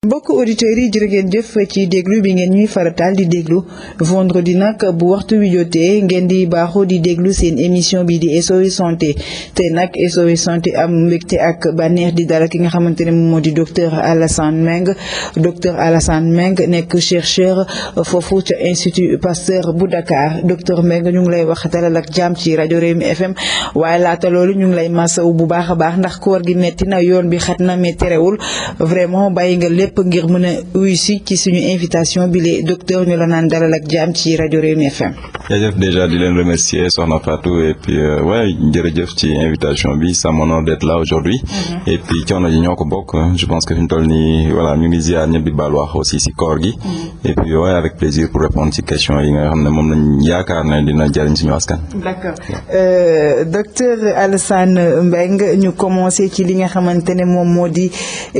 mbokk auditeurs yi jërë ngeen jëf ci déglu bi ngeen ñuy farataal di déglu vendredi nag bu waxtu wi jotee ngeen di baaxoo di déglu seen émission bi di SOS santé te nag SOS santé am mbégte ak bànneex di dara ki nga xamante ne moom moo di docteur Alassane Mbengue docteur Alassane Mbengue nekk chercheur foofu ca institut Pasteur bu Dakar docteur Mbengue ñu ngi lay wax dalal ak jàmm ci rajo Rewmi FM waaye laata loolu ñu ngi lay wu bu baax a baax ndax koor gi metti na yoon bi xat na mais terewul lépp ngir mën a uyu ci suñu invitation bi le docteur ñu la naan dalal ak jàmm ci rajo Rewmi FM. jaajëf déjà di leen remercier soxna Fatou et puis waaye euh, jërëjëf ci invitation bi ça m'honore d'être la aujourd'hui mm-hmm. et puis coono ji ko bokk je pense que fi ñu toll nii voilà ñu ngi si koor gi. Mm-hmm. et puis waaye avec plaisir pour répondre ci questions yi nga xam ne moom lañ yaakaar ne dina jëriñ suñu askan. d'accord euh, docteur Alassane Mbengue ñu commencé ci li nga xamante ne moom moo di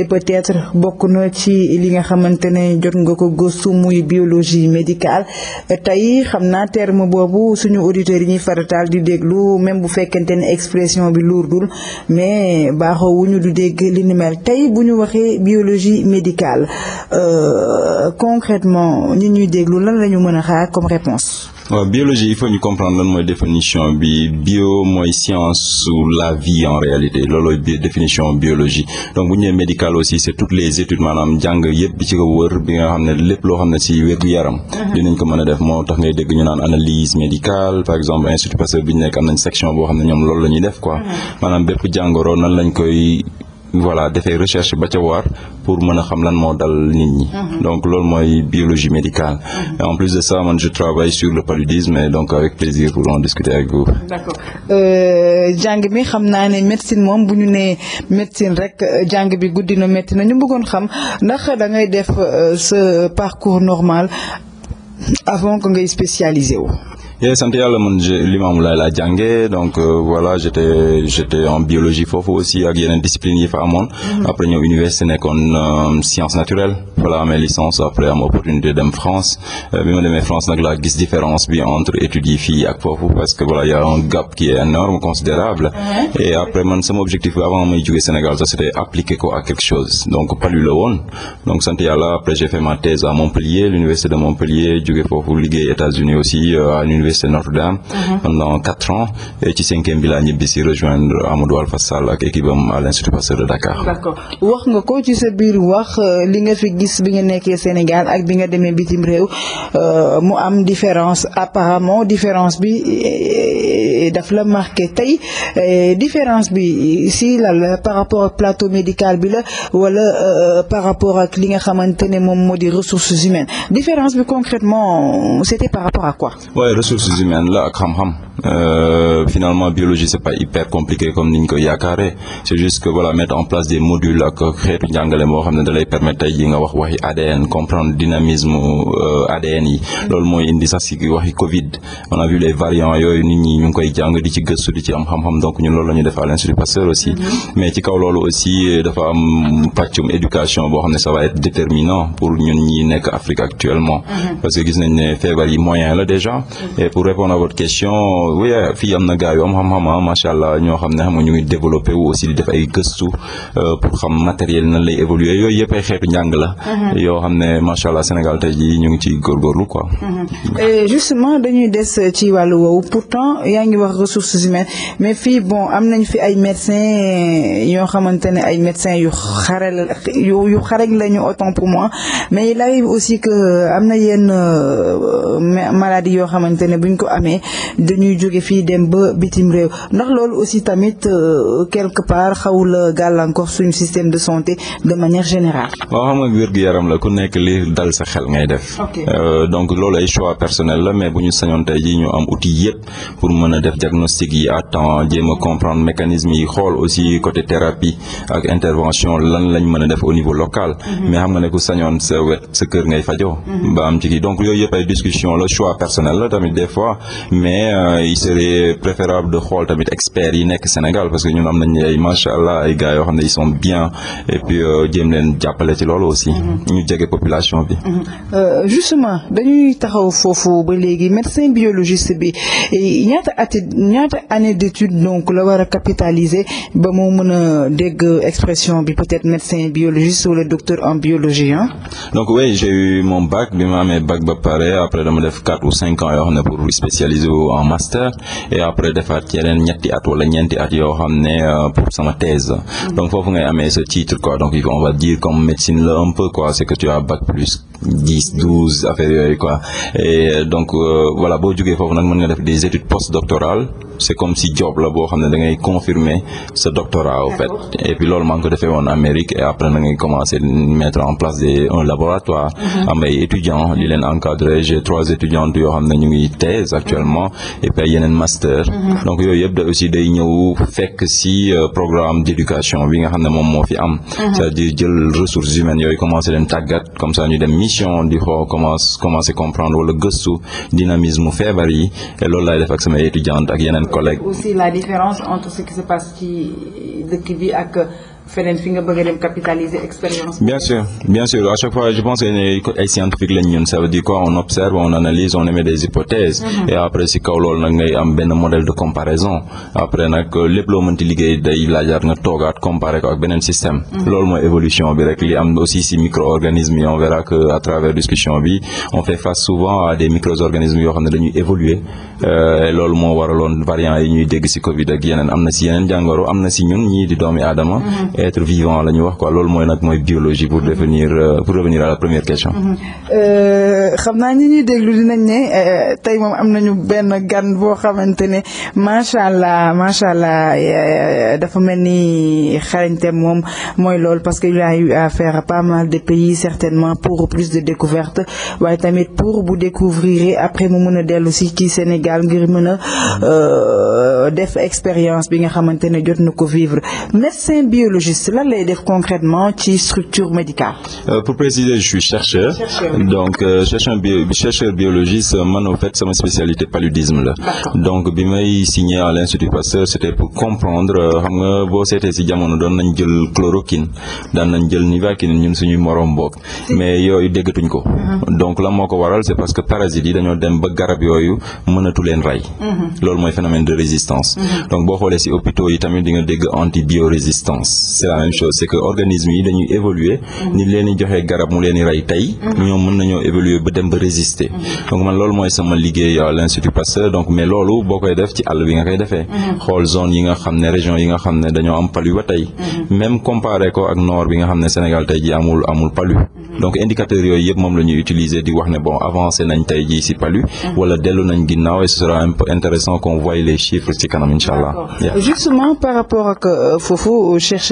peut-être bokk na ci li nga xamante ne jot nga ko gëstu muy biologie médicale tey xam naa terme boobu suñu auditeurs yi ñuy farataal di déglu même bu fekkente ne expression bi lourdul mais baaxoo wuñu du dégg li tey bu ñu waxee biologie médicale euh, concrètement ñi ñuy déglu lan la ñu mën a xaar comme réponse waa biologie il faut ñu comprendre lan mooy définition bi bio mooy science su la vie en réalité loolooy définition biologie donc bu ñu nee médical aussi c' est toutes les études maanaam jàng yëpp bi ci ko wër bi nga xam ne lépp loo xam ne si wér gu yaram. Mhm. dinañ ko mën a def moo tax ngay dégg ñu naan analyse médicale par exemple institut Pasteur bi ñu nekk am nañ section boo xam ne ñoom loolu la ñuy def quoi mhm. maanaam bépp jàngoro nan lañ koy. voilà defee recherche ba ca waar pour mën a xam lan moo dal nit ñi. Mhm. donc loolu mooy biologie médicale. Mhm. Et en plus de ça man je travaille sur le paludisme et donc avec plaisir pour en discuter avec vous. d'accord euh, jàng bi xam naa ne médecine moom bu ñu ne médecine rek jàng bi guddi na métti na ñu bëggoon xam ndax da ngay def euh, ce parcours normal avant que ngay spécialisé wu. yee sant yàlla man Limaamu Laay laa jànge donc euh, voilà j'étais j'étais en biologie foofu aussi ak yeneen discipline yi fa amoon mm-hmm. après ñëw université nekkoon euh, science naturelle voilà mes licences après am opportunité dem France euh, bi ma demee France nag laa gis différence bi entre étudier fii ak foofu parce que voilà y a un gap qui est énorme considérable et après man sama objectif bi avant may jóge Sénégal ça c'était appliquer ko à quelque chose donc palu la woon donc sant yàlla après j'ai fait ma thèse à Montpellier l'université de Montpellier jóge foofu liggéey États-Unis aussi à l'université Université Notre-Dame. Mhm. pendant quatre ans ci cinquième bi laa ñibbi si rejoindre Amadou Alpha Sall ak équipe am à de Dakar. wax nga ko ci sa biir wax euh, li nga fi gis bi nga nekkee Sénégal ak bi nga demee bitim réew euh, mu am différence apparemment différence bi euh, daf la marqué tey différence bi si la par rapport ak plateau médical bi la wala par rapport ak li nga xamante ne moom moo di ressources humaines différence bi concrètement c'était par rapport à quoi. ressources humaines la ak xam-xam Euh, finalement biologie c'est pas hyper compliqué comme ni ñu ko yaakaaree c'est juste que mettre en place des modules ak xeetu njàngale moo xam ne da lay permettre tey yi nga wax waxi ADN comprendre dynamisme euh, ADN yi loolu mooy indi sax si waxi Covid on a vu les variants yooyu nit ñi ñu ngi koy jàng di ci gëstu di ci am xam-xam donc ñu loolu la ñu def à l'Institut Pasteur aussi mm-hmm. mais ci kaw loolu aussi dafa am pàccum éducation boo xam ne ça va être déterminant pour ñun ñi nekk Afrique actuellement mm-hmm. parce que gis nañ ne feebar yi moyen la déjà mm-hmm. et pour répondre oui fii am na gars yu am xam-xam ah, macha allah ñoo xam ne xam nga ñu ngi développé wu aussi di def ay gëstu euh, pour xam matériel nan lay évoluer yooyu yëpp ay xeetu njàng la. Mhm. yoo xam ne macha allah Sénégal tey jii ñu ngi ciy góorgóorlu quoi. Mhm. justement dañuy des ci wàllu woowu pourtant yaa ngi wax ressources humaines mais fii bon am nañ fi ay médecins yoo xamante ne ay médecins yu xarel yu xarañ lañu autant pour moi mais il arrive aussi que euh, am na yenn euh, maladies yoo xamante ne jóge fii dem ba bitim réew ndax loolu aussi tamit euh, quelque part xawula gàllankoor suñu système de santé de manière générale. waaw xam nga wér gu yaram la ku nekk li dal sa xel ngay def. Euh, donc loolu ay choix personnel la mais bu ñu sañoon tey jii ñu am outil yépp pour mën a def diagnostic yi à temps jéem a comprendre mécanisme yi xool aussi côté thérapie ak intervention lan lañ mën a def au niveau local. Mhm. mais xam nga ne ku sañoon sa wet sa kër ngay fajoo. Mhm. ba la choix personnel la tamit des fois mais. Euh, il serait préférable de xool tamit experts yi nekk Sénégal parce que ñun am nañ ay macha allah ay gars yoo xam ne ils sont bien et puis euh, jéem leen jàppale ci loolu aussi. Mhm. ñu jege population bi. Mhm. Euh, justement dañuy taxaw foofu ba léegi médecin biologiste bi ñaata at ñaata année d'étude donc la war a capitaliser ba moo mën a dégg expression bi peut-être médecin biologiste wala docteur en biologie hein? donc oui j'ai eu mon bac bi ma amee bac ba pare après dama def quatre ou cinq ans yoo xam ne pour spécialiser en master. master et après defaat ci yeneen ñetti at wala ñeenti at yoo xam ne euh, pour sama thèse mm. donc foofu ngay amee ce titre quoi donc on va dire comme médecine la un peu quoi c'est que tu plus dix douze affaires yooyu quoi et euh, donc euh, voilà boo foofu nag man nga def des études postdoctorales c'est comme si job la boo xam ne da ngay confirmer sa doctorat au fait et loolu maa ngi ko defee woon Amérique et après da ngay commencer mettre en place des un laboratoire mm-hmm. am ay étudiants leen encadrer yoo xam ne ñu ngi thèse actuellement et yeneen master mhm. donc yooyu yëpp da aussi day ñëw fekk si euh, programme d'éducation bi nga xam ne moom moo fi am mhm. c'est-à-dire jël ressources humaines yooyu commencé leen tàggat comme ça ñu dem mission di xoo commence commencé comprendre wala gëstu dynamisme mu feebar yi e loolu laay def ak sama étudiante ak yeneen collègue aussi la différence entre ce qui se passe ci dëkk bi ak feneen fi nga bëgg a dem capitaliser expérience. bien sûr bien sûr à chaque fois je pense que ay scientifique lañ ñun ça veut dire quoi on observe on analyse on émet des hypothèses. Mm-hmm. et après si kaw loolu nag ngay am benn modèle de comparaison après nag euh, lépp loo ti liggéey day laajaat nga toogaat comparé ko ak beneen système. Mm-hmm. loolu mooy évolution bi rek li am aussi si micro-organismes yi on verra que à discussion bi on fait face souvent à des micro-organismes yoo xam ne dañuy évoluer euh, loolu moo waraloon variant yi ñuy dégg si Covid ak yeneen am na si yeneen jàngoro am na si ñun ñii di doomi aadama. Mm-hmm. être la ñu wax quoi loolu mooy nag mooy biologie pour devenir euh, pour revenir à mm-hmm. euh, xam naa ñi ñuy déglu dinañ ne euh, tey moom am nañu benn gan boo xamante ne macha allah macha allah dafa mel ni xarañte moom mooy loolu parce que il a eu affaire à pas mal de pays certainement pour plus waaye tamit pour bu découvrir après mu mën a dellu si ci Sénégal ngir mën a def expérience bi nga xamante ne jot na ko vivre médecin biologie gynécologiste lan lay def concrètement ci structure médicale. Euh, pour préciser je suis chercheur. donc euh, chercheur bi chercheur biologiste euh, man en fait sama spécialité paludisme la. donc bi may signé à l' institut Pasteur c' était pour comprendre xam nga boo seetee si jamono doon nañ jël chloroquine daan nañ jël nivaquine ñun suñuy morom boog mais yooyu déggatuñ ko. Mhm. donc la moo ko waral c' parce que parasites yi dañoo dem ba garab yooyu mënatu leen rey. Mhm. loolu mooy phénomène de résistance. Mhm. donc boo xoolee si hôpitaux yi tamit di nga dégg antibiorésistance. c'est la même chose c'est que organisme yi dañuy évoluer ni leen di garab mu leen rey tey ñoom mën nañoo évoluer ba dem ba résister donc man loolu mooy sama liggéey à l'Institut Pasteur donc mais loolu boo koy def ci àll bi nga koy defee xool zone yi nga xam ne région yi nga xam ne dañoo am palu ba tey même comparé ko ak nord bi nga xam ne Sénégal tey ji amul amul palu donc indicateurs yooyu yëpp moom la ñuy utiliser di wax ne bon avancé nañ tey ji ci palu wala dellu nañ ginnaaw et ce sera un peu intéressant qu'on voie les chiffres ci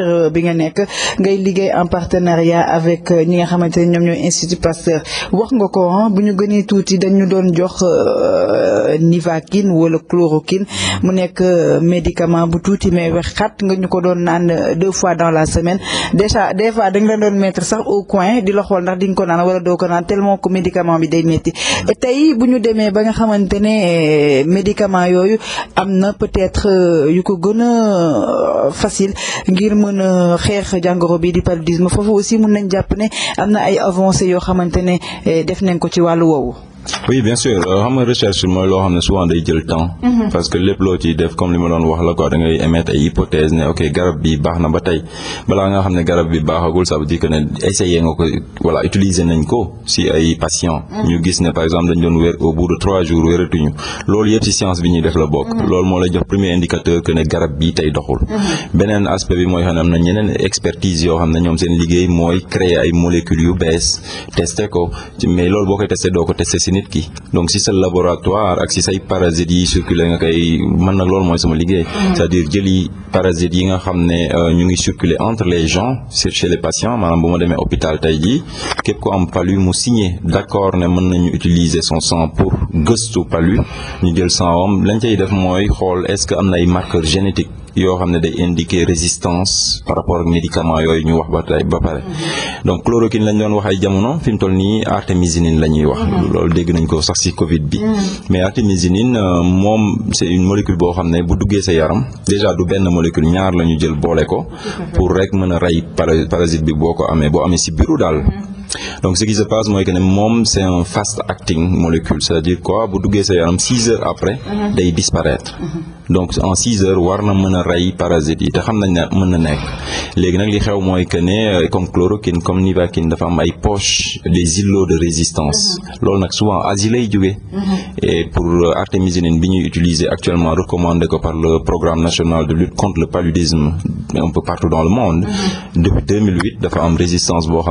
secteur bi nga nekk ngay liggéey en partenariat avec euh, ñi nga xamante ne ñoom ñooy institut Pasteur wax nga ko bu ñu gënee tuuti dañu doon jox euh, nivaquine wala chloroquine mu nekk euh, médicament bu tuuti mais wax xat nga ñu ko doon naan deux fois dans la semaine déjà des fois dañ la doon mettre sax au coin di la xool ndax di nga ko naan wala doo ko naan tellement que médicament bi day metti tey bu ñu demee ba nga xamante ne médicament yooyu am na peut-être yu ko gën a mën euh, xeex jàngoro bi di paludisme foofu aussi mun nañ jàpp ne am na ay avancées yoo xamante ne eh, def nañ ko ci wàllu woowu. oui bien sûr euh, xam nga recherche mooy loo xam ne souvent day jël temps. Mhm. parce que lépp loo ciy def comme li ma doon wax la quoi da ngay émettre ay hypothèses ne ok garab bi baax na ba tey balaa nga xam ne garab bi baaxagul ça veut dire que ne essayé nga ko voilà utiliser nañ ko si ay patients. Mhm. ñu gis ne par exemple dañ doon wér au bout de trois jours wératuñu loolu yëpp si science bi ñuy def la bokk. Mhm. loolu moo lay jox premier indicateur que ne garab bii tey doxul. beneen aspect bi mooy xam ne am na ñeneen expertise yoo xam ne ñoom seen liggéey mooy créer ay molécules yu bees testé ko mais loolu boo koy nit ki donc si sa laboratoire ak si say parasites yi circulé nga koy mën nag loolu mooy sama liggéey mm. c'est-à-dire jëli parasites yi nga xam ne euh, ñu ngi circulé entre les gens chez les patients maanaam bu ma demee hôpital tey jii képp ku am palu mu signé d'accord ne mën nañu utiliser son sang pour gëstu palu ñu jël sang am lañ cay def mooy xool est-ce que am na ay marqueurs génétiques yoo xam ne day indiquer résistance par rapport ak médicament yooyu ñu wax ba tey ba pare mm-hmm. donc chloroquine lañ doon wax ay jamono fi mu toll nii artémisinine la ñuy wax mm-hmm. loolu dégg nañ ko sax ci Covid bi mm-hmm. mais artémisinine euh, moom c'est une molécule boo xam ne bu duggee sa yaram déjà du benn molécule ñaar la ñu jël boole ko pour rek mën a rey parasite bi boo ko amee boo amee ci biiru daal donc ce qui se passe mooy que ne moom c'est un fast acting molécule cest à quoi bu duggee sa yaram six heures après day disparaître donc en six heures war na mën a rey parasites yi te xam nañ ne mën na nekk léegi nag li xew mooy que euh, comme chloroquine comme nivaquine dafa am ay poches des îlots de résistance mm-hmm. loolu nag souvent mm-hmm. euh, bi ñuy utiliser actuellement recommandé ko par le programme national mm-hmm. am résistance boo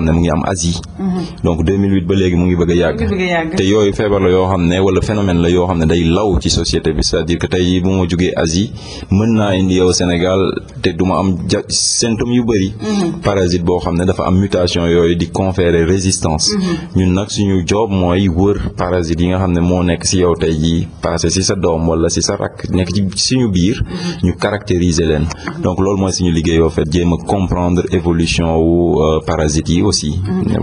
donc ba léegi mu ngi bëgg a yàgg te yooyu feebar la yoo xam ne wala phénomène la yoo xam ne day law ci société bi c'est-à-dire que tey bu ma jógee jógee Asie mën naa indi yow Sénégal te duma am ja symptômes yu bari mhm. parasite boo xam ne dafa am mutation yooyu di conférer résistance mhm. ñun nag suñu job mooy wër parasite yi nga xam ne moo nekk si yow tey jii passé si sa doom wala si sa rakk nekk ci suñu biir mhm. ñu caractériser leen donc loolu mooy suñu liggéey yoo fait a comprendre évolution wu euh, parasites yi aussi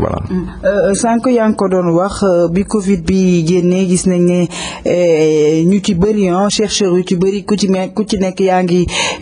voilà euh, sànq doon wax bi covid bi génnee gis nañ ne eh, ñu ci bëri chercheurs yu ci bëri ku ci me ku ci nekk yaa ngi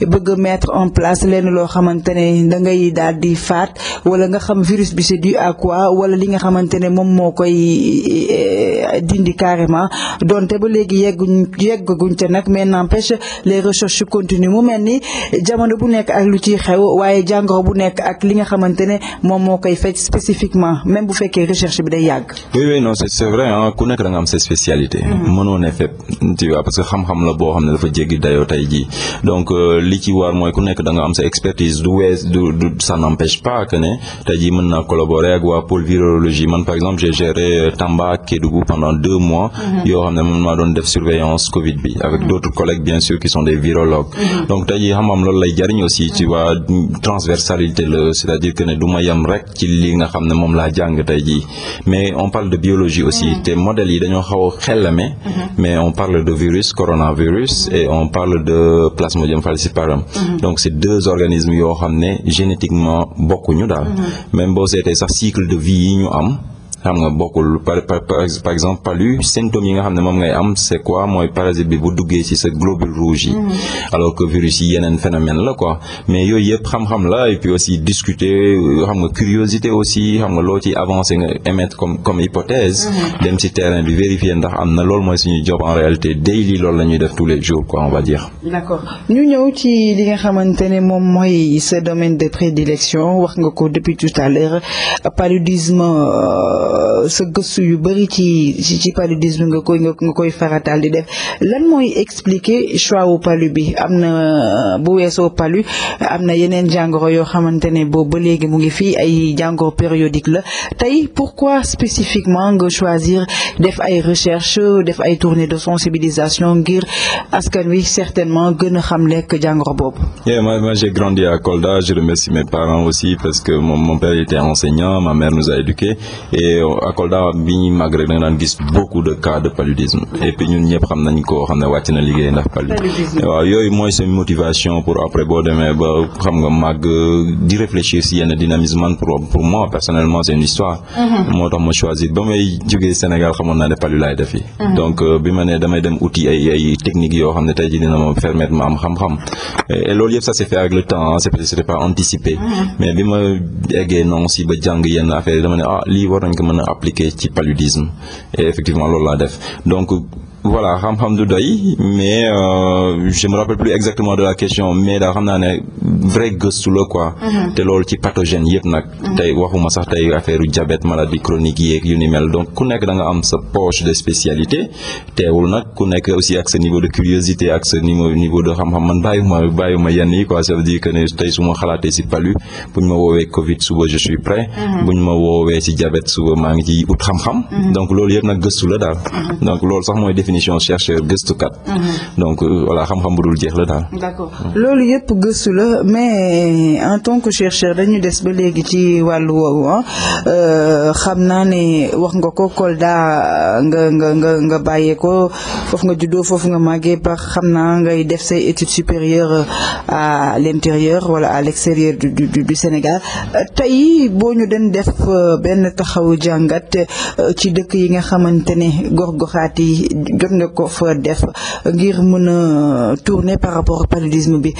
bëgg a mettre en place lenn loo xamante ne da ngay daal di faat wala nga xam virus bi ci dû à quoi wala li nga xamante ne moom moo koy eh, dindi carrément donte ba léegi yegguñ yeggaguñ ca nag mais n'empêche les recherches continuent mu mel ni jamono bu nekk ak lu ciy xew waaye jàngoro bu nekk ak li nga xamante ne moom moo koy faj spécifiquement même bu fekkee recherche bi day yàgg. oui oui non c'est c'est vrai ku nekk da am sa spécialité. Mm-hmm. mënoo ne fépp tu vois parce que xam-xam la boo xam ne dafa jéggi dayoo tey jii donc euh, li ci war mooy ku nekk danga am sa expertise du wees du du ça n'empêche pas que ne tey jii mën naa collaborer ak waa pôle virologie man par exemple euh, Tamba ak Kédougou pendant deux mois mm-hmm. yoo xam maa doon def surveillance Covid bi avec mm-hmm. d'autres collègues bien sûr des virologues mm-hmm. donc tey jii xam-xam loolu lay jariñ aussi ci waa transversalité la c'est-à-dire que ne du ma yem rek ci li nga xam ne moom laa jàng jii mais on parle biologie aussi te modèles yi dañoo xaw a xellame mais on parle de virus coronavirus et on parle de Plasmodium falciparum mm -hmm. donc c'est deux organismes yoo xam ne génétiquement bokkuñu daal mhm. même boo seetee cycle de vie yi ñu am xam nga bokkul par exemple palu symptômes yi nga xam ne moom ngay am c'est quoi mooy parasite bi bu duggee ci sa globule rouge yi mm-hmm. que virus yi yeneen phénomène la quoi mais yooyu yëpp xam-xam la et aussi discuter xam nga curiosité aussi xam nga loo ci avancer nga émettre comme comme hypothèse mm-hmm. dem ci terrain bi vérifier ndax am na loolu mooy suñu job en réalité daily loolu la ñuy def tous les jours quoi on va dire d'accord ñu ñëw ci li nga xamante ne moom mooy sa domaine sa gëstu yu bëri ci ci paludisme nga koy nga koy farataal di def lan mooy expliquer choix wu palu bi am na bu weesoo palu am na yeneen jàngoro yoo xamante ne boobu ba léegi mu ngi fii ay jàngoro périodique la tey pourquoi spécifiquement nga choisir def ay recherche def ay tournée de sensibilisation ngir askan wi certainement gën a xam lekk jàngoro boobu. moi j'ai grandi à Kolda je remercie mes parents aussi parce que mon, mon père était enseignant ma mère nous a éduqués yow bi ñuy màgg rek da nga daan gis beaucoup de cas de paludisme et puis ñun ñëpp xam nañ koo xam ne wàcc na liggéey ndax paludisme waaw yooyu mooy seen motivation pour après boo demee ba xam nga màgg di réfléchir si yenn dynamisme man pour pour moi personnellement c'est une histoire mhm. moo tax ma choisir ba may jógee Sénégal xamoon naa ne palu def yi mhm. donc euh, bi ma ne damay dem outil ay ay yoo xam ne tey jii dina ma permettre ma am xam-xam et loolu yëpp mën a appliquer ci paludisme et effectivement loolu laa def donc voilà xam-xam du doy mais euh, je me rappelle plus exactement de la question mais daa xam naa ne vrai gëstu la quoi. Mhm. te loolu ci pathogène yëpp nag. Mhm. tey waxuma sax tey affaire diabète maladie chronique yeeg yu ni mel donc ku nekk da nga am sa poche de spécialité teewul nag ku nekk aussi ak sa niveau de curiosité ak sa niveau de xam-xam man bàyyi bàyyiwuma yenn yi quoi ça veut dire que ne tey suma xalaatee si palu buñ ma woowee Covid suba je suis prêt. Mhm. buñ ma woowee si diabète suba maa ngi ci ut xam donc loolu yëpp nag gëstu la daal. définition chercheur gëstukat. Mhm. donc euh, voilà xam-xam bu dul jeex la daal. Mm. loolu yëpp gëstu la mais en tant que chercheur dañu des ba léegi ci wàllu woowu ah. euh, xam naa ne wax nga ko Kolda nga nga nga nga bàyyee ko foofu nga juddoo foofu nga màggee par xam naa ngay def say études supérieures à l'intérieur wala à l'extérieur du Sénégal euh, tey boo ñu den def benn taxaw jàngat ci dëkk yi nga xamante gox goxaat jot nga ko fa def ngir mën a tourner par rapport ak paludisme bi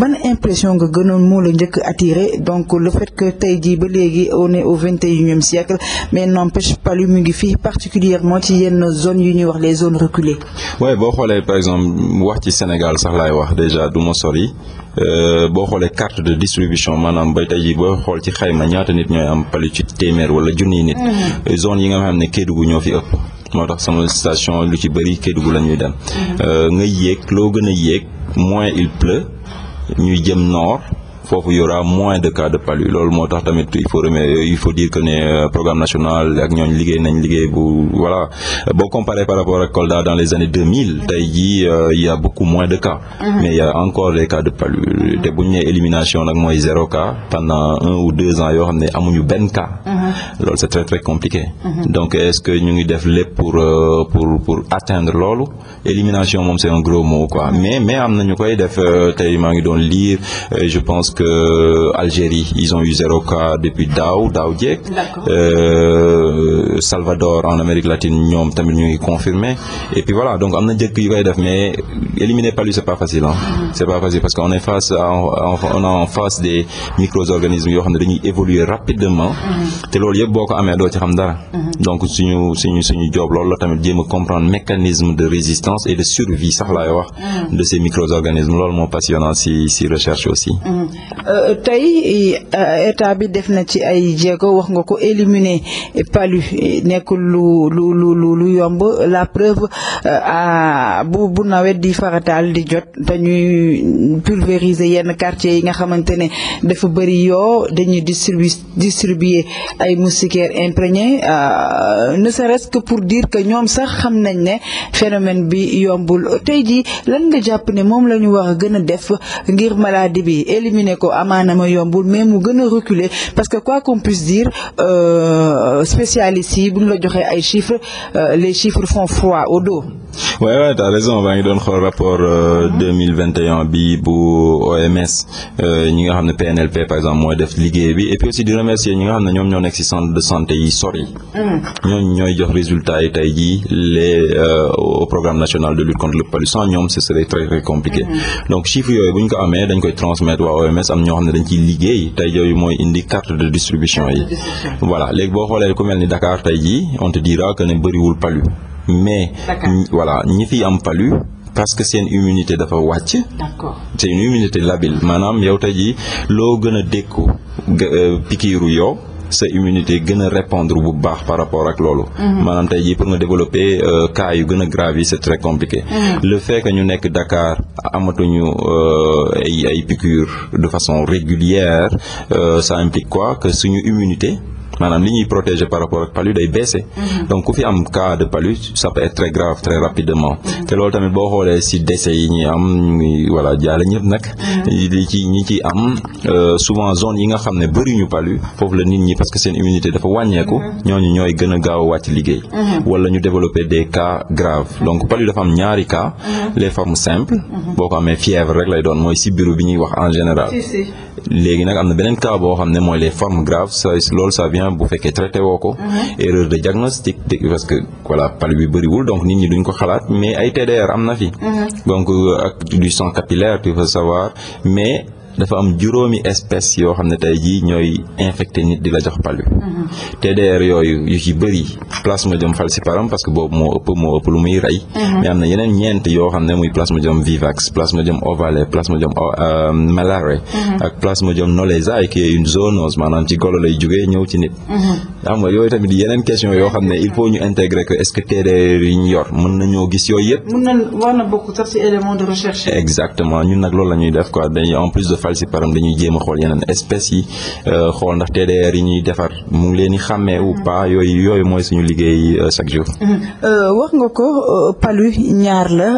ban impression nga gënoon moo la njëkk attiré donc le fait que tey jii ba léegi on est au vingt et unième siècle mais n'empêche palu mu ngi fii particulièrement ci yenn zone yu ñuy wax les zones reculées. waaye boo xoolee par exemple wax ci Sénégal sax laay wax déjà du ma sori euh, boo xoolee carte de distribution maanaam ba tey jii boo xool ci xayma ñaata nit ñooy am palu ci téeméer wala junniy nit. Mm-hmm. zone yi nga xam ne Kédougou ñoo fi moo tax sama station lu ci bëri Kédougou la ñuy dem mm-hmm. euh, nga yéeg loo gën a yéeg moins il pleut ñuy jëm nord foofu y aura moins de cas de palu loolu moo tax tamit il faut remercier il faut dire que ne euh, programme national ak ñooñ liggéey nañ liggéey bu voilà boo comparé par rapport ak Kolda dans les années 2000 tey jii euh, y a beaucoup moins de cas mm-hmm. mais y a encore des cas de palu te bu élimination nag mooy zéro cas pendant un ou deux ans yoo xam ne amuñu benn cas mm-hmm. loolu c'est très très compliqué mm-hmm. donc est-ce que ñu ngi def lépp pour euh, pour loolu élimination moom c'est un gros mot quoi mais mais am que euh, Algérie ils ont eu zéro cas depuis daaw daaw jeeg Salvador en Amérique latine ñoom tamit ñu ngi confirmé et voilà donc am na njëkk yu koy def mais éliminer palu c'est pas facile ah c'est parce que on est face on est en face des micro-organismes yoo xam ne dañuy évoluer rapidement mm-hmm. te lool yëpp boo ko amee doo ci xam dara mm-hmm. donc suñu suñu suñu job lool la tamit jéem a comprendre mécanisme de résistance et de survie sax laay wax de ces micro-organismes loolu moo passionnant si si recherche aussi Euh, tey euh, état bi def na ci ay jéego wax nga ko éliminer palu nekkul lu lu lu lu yomb la preuve euh, à bu bu nawet di farataal di jot dañuy pulvériser yenn quartier yi nga xamante ne dafa bëri yoo dañuy distribuer distribuer ay moustiquaires imprégnées ne serait-ce pour dire que ñoom sax xam nañ ne phénomène bi yombul tey ji lan nga jàpp ne moom la ñu war a gën a def ngir maladie bi éliminer ko amaana ma yombul mais mu gën a reculer parce que quoi qu'on puisse dire euh, spécialistes yi bu ñu la joxee ay chiffres euh, les chiffres font froid au dos. waaw waaw t'as raison maa ngi doon xool rapport euh, mhm. deux mille vingt et un bi bu OMS euh, ñi nga xam ne PNLP par exemple mooy def liggéey bi et puis aussi di remercier ñi nga xam ne ñoom ñoo nekk ci centre de santé yi sori. Mhm. ñooñu ñooy jox résultats yi tey jii les euh, au programme national de lutte contre le palud sans ñoom ce serait très très compliqué. Mhm. donc chiffres yooyu bu ñu ko amee dañ koy transmettre waa OMS am ñoo xam ne dañ ciy liggéey tey yooyu mooy indi carte de distribution yi. voilà léegi boo xoolee ku mel ni Dakar tey jii on te dira que mais voilà ñi fi am palu parce que seen immunité dafa wàcc c'est une immunité labile maanaam yow tey jii loo gën a dékku euh, pikiiru yow sa immunité gën a répondre bu baax par rapport ak loolu mhm. maanaam tey jii pour nga développer euh, cas yu gën a grave yi c'est très compliqué mhm. le fait que ñu nekk dakaar amatuñu euh, ay ay piqûres de façon régulière ça implique quoi que suñu immunité maanaam li ñuy protégé par rapport ak palu day baissé mhm. donc ku fi am cas de palu ça peut être très grave très rapidement mhm. te loolu tamit boo xoolee si décès yi ñuy am voilà jaale ñëpp nag mhm. li ci ñi ci am euh, souvent zone yi nga xam ne bëri ñu palu foofu la nit ñi parce que seen immunité dafa wàññeeku ñooñu ñooy gën a gaaw wàcc liggéey wala ñu développer des cas graves donc palu dafa am ñaari cas les formes simples boo ko amee fièvre rek lay doon mooy sibiru bi ñuy wax en général léegi nag am na beneen cas boo xam ne mooy les formes graves ça loolu ça vient bu fekkee traité woo ko. Mhm. erreur de diagnostic parce que voilà palu bi bëriwul donc nit ñi duñ ko xalaat mais ay TDR am na fi. Mhm. donc euh, ak du sang capillaire tu veux savoir mais. dafa am juróomi espèce yoo xam ne tey ji ñooy infecté nit di la jox palu. Mhm. TDR yooyu yu ci bëri plasmodium falciparum parce que boobu moo ëpp moo ëpp lu muy rey. Mhm. mais am na yeneen ñeent yoo xam ne muy plasmodium vivax plasmodium ovale plasmodium euh, malare. Mhm. ak plasmodium nolézae qui est une zoonose maanaam ci golo lay jógee ñëw ci nit. xam nga yooyu tamit yeneen question yoo xam ne il faut ñu intégrer que est-ce que TDR yi ñu yor mën nañoo gis yooyu yëpp. mën na war na bokk sax ci élément de recherche. falciparum dañuy jéem a xool yeneen espèces yi euh, xool ndax TDR yi ñuy defar mu ngi leen di xàmmee ou pas yooyu yooyu mooy suñu liggéey euh, chaque jour. Mm-hmm. Euh, wax nga ko palu ñaar la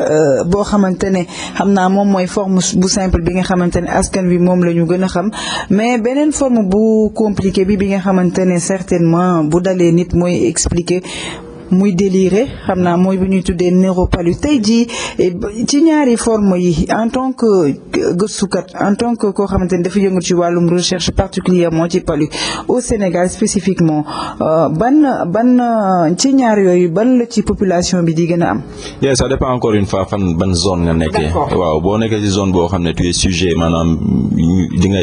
boo xamante ne xam naa moom mooy forme bu simple bi nga xamante ne askan wi moom lañu ñu a xam mais beneen forme bu compliqué bi bi nga xamante ne certainement bu dalee nit mooy expliquer. muy déliré xam naa mooy bu ñuy tuddee neuropalu tey jii eh, ci ñaari forme yi en tant que gëstukat en tant que koo xamante ni dafa yëngu ci wàllum recherche particulièrement ci palu au Sénégal spécifiquement euh, ban ban ci ñaar yooyu ban la ci population bi di gën a am. oui ça dépend encore une fois fan ban zone nga nekkee. waaw boo nekkee ci zone boo xam ne tu es sujet maanaam di nga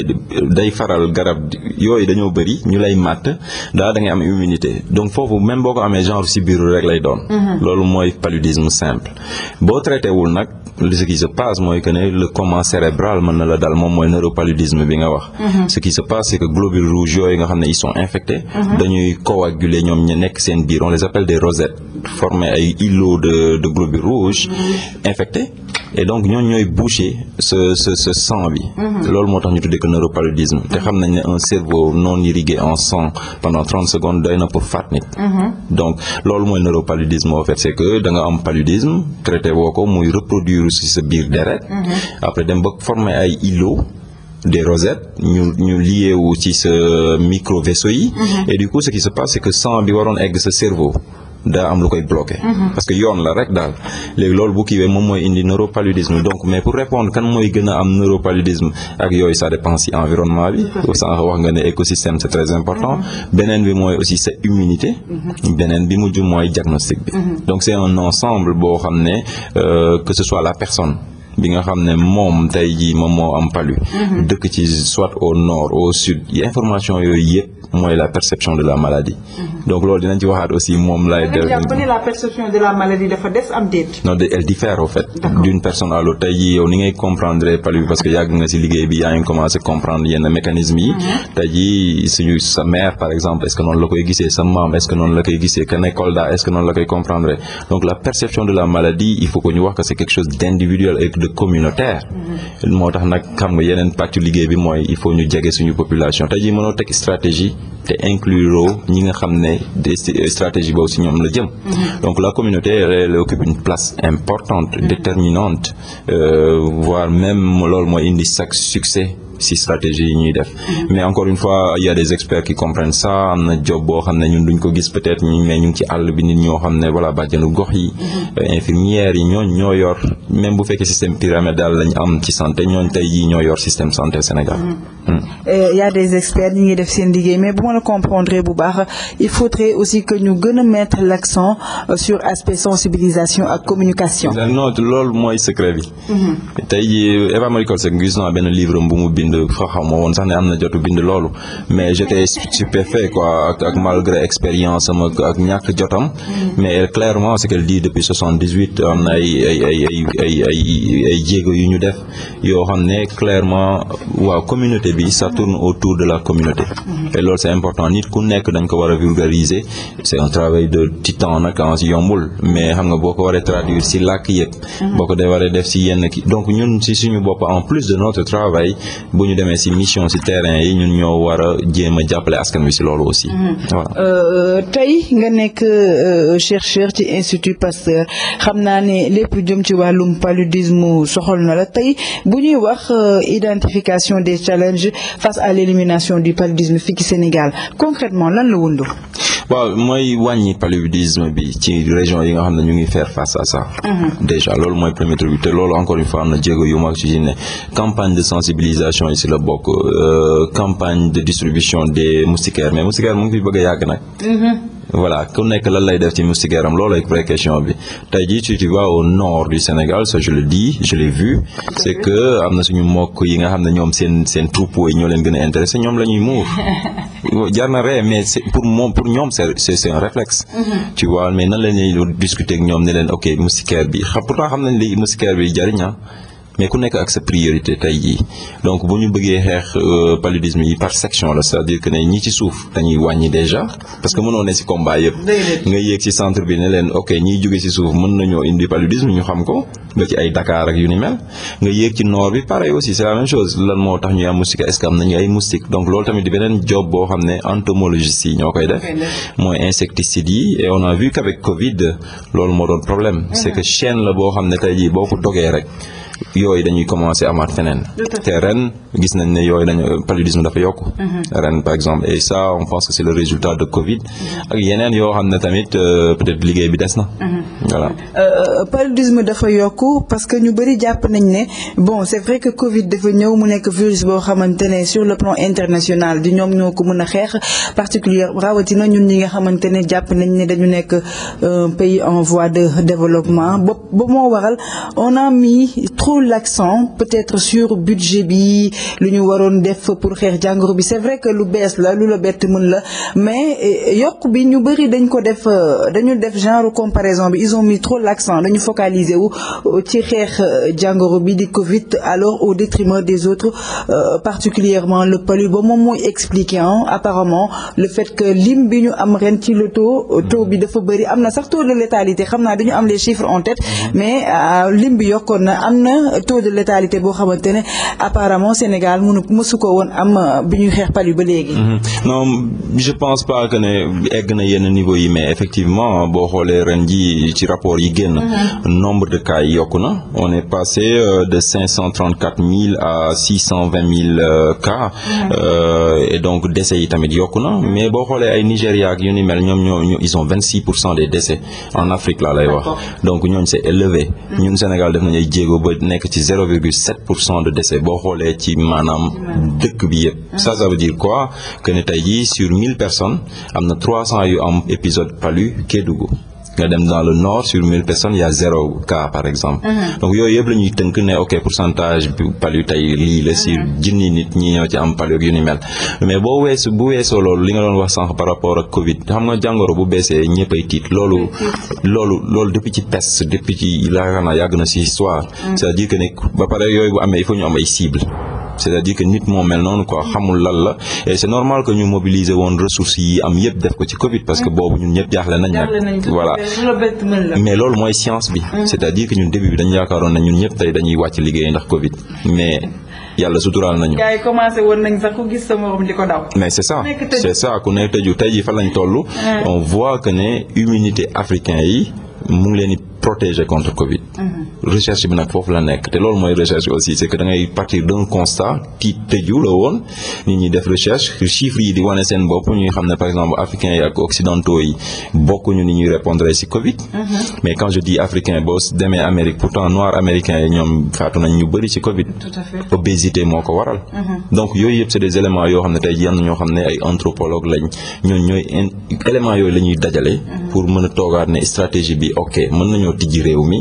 day faral garab yooyu dañoo bëri ñu lay matt daal da am immunité donc foofu même boo ko amee genre si biir biiru rek lay doon. Mhm. loolu mooy paludisme simple boo traité wul nag ce qui se passe mooy que ne le coma cérébral mën na la daal moom mooy neuropaludisme bi nga wax. Mhm. ce qui se passe c' est que globules rouges yooyu nga xam ne ils infectés. Mhm. dañuy coaguler ñoom ñu nekk seen biir on les appelle des rosettes former ay îlots de de globules mhm. infectés et donc ñooñu ñooy boucher ce ce ce bi. loolu moo tax ñu tuddee que neuropaludisme te xam nañ ne un cerveau non irrigué en sang pendant trente secondes doy na pour faat nit. donc loolu mooy neuropaludisme en fait da nga am paludisme dellu si sa biir deret mhm. après dem ba former ay îlots des rosettes ñu ñu lié ci sa micro vaisseau mhm. et du coup ce qui se passe c'est que sang bi waroon egg sa cerveau daa am lu koy bloqué. Mhm. parce que yoon la rek daal léegi loolu bu kiiwee moom mooy indi neuropaludisme donc mais pour répondre kan mooy gën a am neuropaludisme ak yooyu sa dépend si environnement bi. sànq wax nga ne écosystème c' est très important. Mhm. beneen bi mooy aussi sa immunité. Mhm. beneen bi mu mujj mooy diagnostic bi. donc c' est un ensemble boo xam ne euh, que ce soit la personne. bi nga xam ne moom tey jii moom moo am palu mm-hmm. dëkk ci soit au nord au sud information yooyu yëpp mooy la perception de la maladie mm-hmm. donc loolu dinañ ci waxaat aussi moom lay def la perception de la maladie dafa des am déet non de elle diffère au fait d'une personne à l'autre tey jii yow ni ngay comprendre palu bi parce que yàgg nga ci liggéey bi yaa ngi commencé comprendre yenn mécanismes yi mm-hmm. tey jii suñu sa mère par exemple est-ce que noonu la koy gisee sa maam est-ce que noonu la koy gisee ka ne Kolda est-ce que noonu la koy comprendre donc la perception de la maladie il faut que ñu wax que c'est quelque chose d'individuel et de communautaire. Mm-hmm. moo tax nag xam nga yeneen pàccu liggéey bi mooy il faut ñu jege suñu population tey jii mënoo teg stratégie te inclure ñi nga xam ne des euh, stratégie boobu si ñoom la jëm. Mm-hmm. donc la communauté elle occupe une place importante mm-hmm. déterminante euh, voire même loolu mooy indi chaque succès. si stratégie yi ñuy def mais encore une fois il a des experts qui comprennent ça am na job boo xam ne ñun duñ ko gis peut-être mais ñu ngi ci àll mm-hmm. bu fekkee système pyramidal lañ am ci santé ñooñ tey jii système santé Sénégal mm-hmm. mm. y des experts ñi ngi def seen liggéey mais bu la comprendre bu baax il faudrait aussi que ñu gën a mettre l'accent euh, sur aspect sensibilisation ak communication non mooy secret bi mm-hmm. tey Eva Marie Coll Seck gis benn livre bu mu bind xaw ma woon sax ne am na jotu bind loolu mais j'étais stupéfait quoi ak ak malgré expérience am ak ñàkk jotam mm-hmm. mais clairement ce qu'elle dit depuis soixante dix huit am na ay ay jéego yu ñu def yoo xam ne clairement waaw communauté bi ça tourne autour de la communauté mm-hmm. et loolu c'est important nit ku nekk dañ ko war a vulgariser c'est un travail de titan nag en ah, yombul mais xam nga boo ko waree traduire si làkk yëpp mm-hmm. boo ko dee waree def si yenn ki donc ñun si suñu bopp en plus de notre bu ñu demee si mission si terrain yi ñun ñoo war a jéem a jàppale askan wi si loolu aussi. Mhm. voilà euh, tey nga nekk euh, chercheur ci institut Pasteur xam naa ne lépp jëm ci wàllum paludisme soxal na la tey bu ñuy wax euh, identification des challenges face à l'élimination du paludisme fii ci Sénégal concrètement lan la wëndu. waaw mooy wàññi paludisme bi ci région yi nga xam ne ñu ngi faire face à ça. Mhm. déjà loolu mooy premier truc bi te loolu encore une fois am na jéego yu mag ci ne campagne de sensibilisation yi si la bokk euh, campagne de distribution de moustiquaires mais moustiquaires mu ngi fi bëgg a yàgg nag. Mhm. voilà ku nekk lan lay def ci moustiquaire am loolu vraie question bi tey jii tu vas waaw nord du Sénégal sa je le dis je l'ai vu c'est que am na suñu mbokk yi nga xam ne ñoom seen seen troupeau ñoo leen gën a intéressé ñoom la ñuy muur jar na ree mais pour mom pour ñoom c'est c'est un réflexe mm-hmm. tu vois mais nan la ñuy discuter ak ñoom ne leen ok moustiquaire bi xam pourtant xam nañ li moustiquaire bi jariñ ah. mais ku nekk ak sa priorité tey jii donc bu ñu bëggee xeex euh, paludisme yi par section la c'est-à-dire que ne ñi ci suuf dañuy wàññi déjà parce que mënoo ne ci combat yëpp nga yéeg ci centre bi ne leen ok ñiy jóge si suuf mën nañoo indi paludisme ñu xam ko ba ci ay dakaar ak yu ni mel nga yéeg ci noor bi pareil aussi c'est la même chose lan moo tax ñuy am moustique est-ce que am nañu ay moustique donc loolu tamit di beneen job boo xam ne entomologiste yi ñoo koy def mooy insecticides yi et on a vu qu'avec loolu moo doon problème mhm. c'est que la boo xam ne tey jii boo ko dogee rek yooyu dañuy commencé amaat feneen te ren gis nañ ne yooyu dañu paludisme dafa yokk mhm. ren par exemple et ça on pense que c'est le résultat de Covid mhm. ak yeneen yoo xam ne tamit euh, peut-être liggéey bi des na mhm. voilà euh, euh, paludisme dafa yokk parce que ñu bëri jàpp nañ ne bon c'est vrai que Covid dafa ñëw mu nekk virus boo xamante sur le plan international di ñoom ñoo ko mën a xeex particulière rawatina ñun ñi nga xamante jàpp nañ ne dañu nekk pays en voie de trop l'accent peut-être sur budget bi lu ñu waroon def pour xeex jàngoro bi c'est vrai que lu bees la lu la bett mën la mais eh, yokk bi ñu bëri dañ ko def euh, dañu def genre comparaison bi ils ont mis trop l'accent dañu focaliser wu euh, ci xeex euh, jàngoro bi di Covid alors au détriment des autres particulièrement le palu ba moom mooy expliquer apparemment le fait que lim bi ñu am ren ci le taux taux bi dafa bëri am na sax taux de létalité xam naa dañu am les chiffres en tête mmh. mais lim bi yokkoon na na taux de létalité boo xamante ne apparemment Sénégal mënu mësu ko woon am euh, bi ñuy xeex palu ba léegi. Mm-hmm. non je pense pas que ne egg na yenn niveau yi mais effectivement boo xoolee ren ji ci rapport yi génn. Mm-hmm. nombre de cas yi yokku na on est passé euh, de cinq cent trente quatre mille à six cent vingt mille euh, cas. Mm-hmm. et donc décès yi tamit yokku na mais boo xoolee ay Nigéria ak yu ni mel ñoom ñoo ils ont vingt six pour cent des décès en Afrique laa lay wax donc ñooñu nekk ci zéro virgule sept pour cent de décès boo xoolee ci maanaam dëkk bi yëpp ah. ça ça veut dire quoi que ne tey jii sur mille personnes am na trois cent yu am épisode palu Kédougou nga dem dans le nord sur mille personnes il a zéro cas par exemple. Uh-huh. donc yooyu yëpp la ñuy tënk ne ok pourcentage bi palu tey lii la si uh-huh. junni nit ñi ñoo ci am palu yu ni mel mais boo weesu bu weesoo loolu li nga doon wax sànq par rapport ak Covid xam nga jàngoro bu beesee ñëppay tiit loolu. loolu loolu depuis ci peste depuis ci yaakaar naa yàgg na si histoire. Mm. c'est-à-dire que ne ba pare yooyu bu amee il faut ñu am ay cibles. c'est-à-dire que nit moo mel noonu quoi xamul lan la et c'est normal que ñu mobiliser woon ressources yi am yëpp def ko ci Covid parce que boobu ñun ñëpp jaaxle nañ nag voilà mais loolu mooy science bi mm. c'est-à-dire que ñun début bi dañu yaakaaroon na ñun ñëpp tey dañuy wàcc liggéey ndax Covid mais yàlla suturaal nañu. gars yi commencé woon nañ sax ku gis sa morom di ko daw. mais c'est ça c'est ça ku nekk tey ji fa lañ toll. on voit que ne immunité africain yi mu ngi leen protéger contre Covid. Mhm. recherche bi nag foofu la nekk te loolu mooy recherche aussi c'est que da partir d'un constat qui tëju la woon nit ñi def recherche chiffres yi di wane seen bopp ñuy xam ne par exemple africains yi ak occidentaux yi bokkuñu ni ñuy répondre ci Covid. Mhm. mais quand je dis africain boo demee Amérique pourtant noir américain yi ñoom faatu nañ ñu bëri ci Covid. obésité moo ko waral. Mhm. donc yooyu yëpp c'est des éléments yoo xam ne tey yenn ñoo xam ne ay anthropologue lañ ñoom ñooy éléments yooyu a ñoo tijji réew mi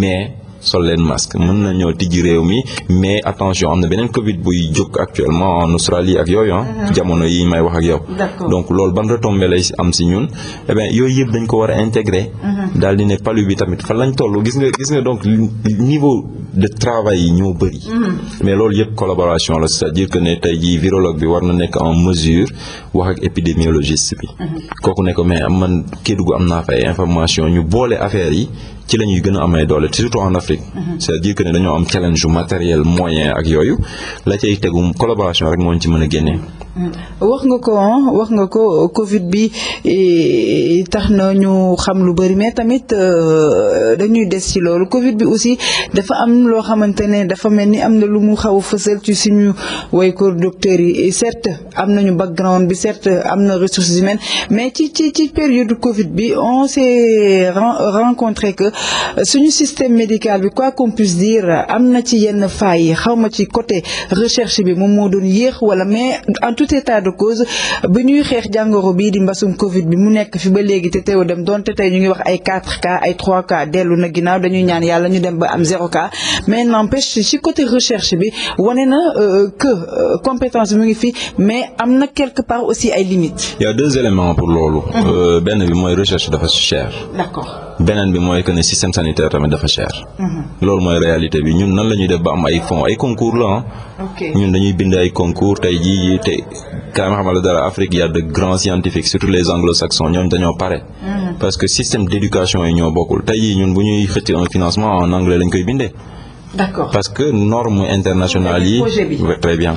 mais sol leen masque mën na ñëw tijji réew mi mais attention am na beneen Covid buy jóg actuellement en Australie ak yooyu ah. ah. jamono yi may wax ak yow. donc loolu ban retombé lay am si ñun. eh yooyu yëpp dañ ko war a intégré. Mm-hmm. daal di ne palu bi tamit fan lañ toll gis nga gis nga donc niveau de travail yi ñoo bëri. Mm-hmm. mais loolu yëpp collaboration la c'est-à-dire que ne tey jii virologue bi war na nekk en mesure wax ak épidémiologiste bi. Mm-hmm. kooku ne ko mais man Kédougou am naa fa ay information ñu boole affaire yi. ci la ñuy gën a amee doole surtout en Afrique. Mhm. c'est-à-dire que ne dañoo am challenge matériel moyen ak yooyu la cay tegum collaboration rek moo ñu ci mën a génnee. Mhm. wax nga ko ah, wax nga ko Covid bi tax na ñu xam lu bari mais tamit euh, dañuy des ci loolu Covid bi aussi dafa am loo xamante ne dafa mel ni am na lu mu xaw a fësal ci suñu way ko docteurs yi certes am nañu background bi certes am na ressources humaines mais ci ci ci période Covid bi on s'est rencontré que suñu système médical bi quoi qu'on puisse dire am na ci yenn failles xaw ma ci côté recherche bi moom moo doon yéex wala mais en tout état de cause bi ñuy xeex jàngoro bii di mbasum Covid bi mu nekk fi ba léegi te teew dem donte tey ñu ngi wax ay 4 cas ay 3 cas dellu na ginnaaw dañuy ñaan yàlla ñu dem ba am 0 cas mais n'empêche ci côté recherche bi wane na euh, euh, que euh, compétence mu ngi fi mais am na quelque part aussi ay limites. Il y deux éléments loolu. Mhm. benn bi mooy recherche dafa cher. D'accord. beneen bi mooy que ne système sanitaire tamit dafa cher. Mhm. loolu mooy réalité bi ñun nan la ñuy def ba am ay fonds ay concours la ah. ñun dañuy bind ay concours tey jii te kaay ma xamal la dara Afrique y a de grands surtout les anglo-saxons ñooñu dañoo pare. Mhm. parce que système d'éducation yi ñoo bokkul tey jii ñun bu ñuy xëcc financement en anglais lañ koy bindee. parce que normes internationales yi. très bien.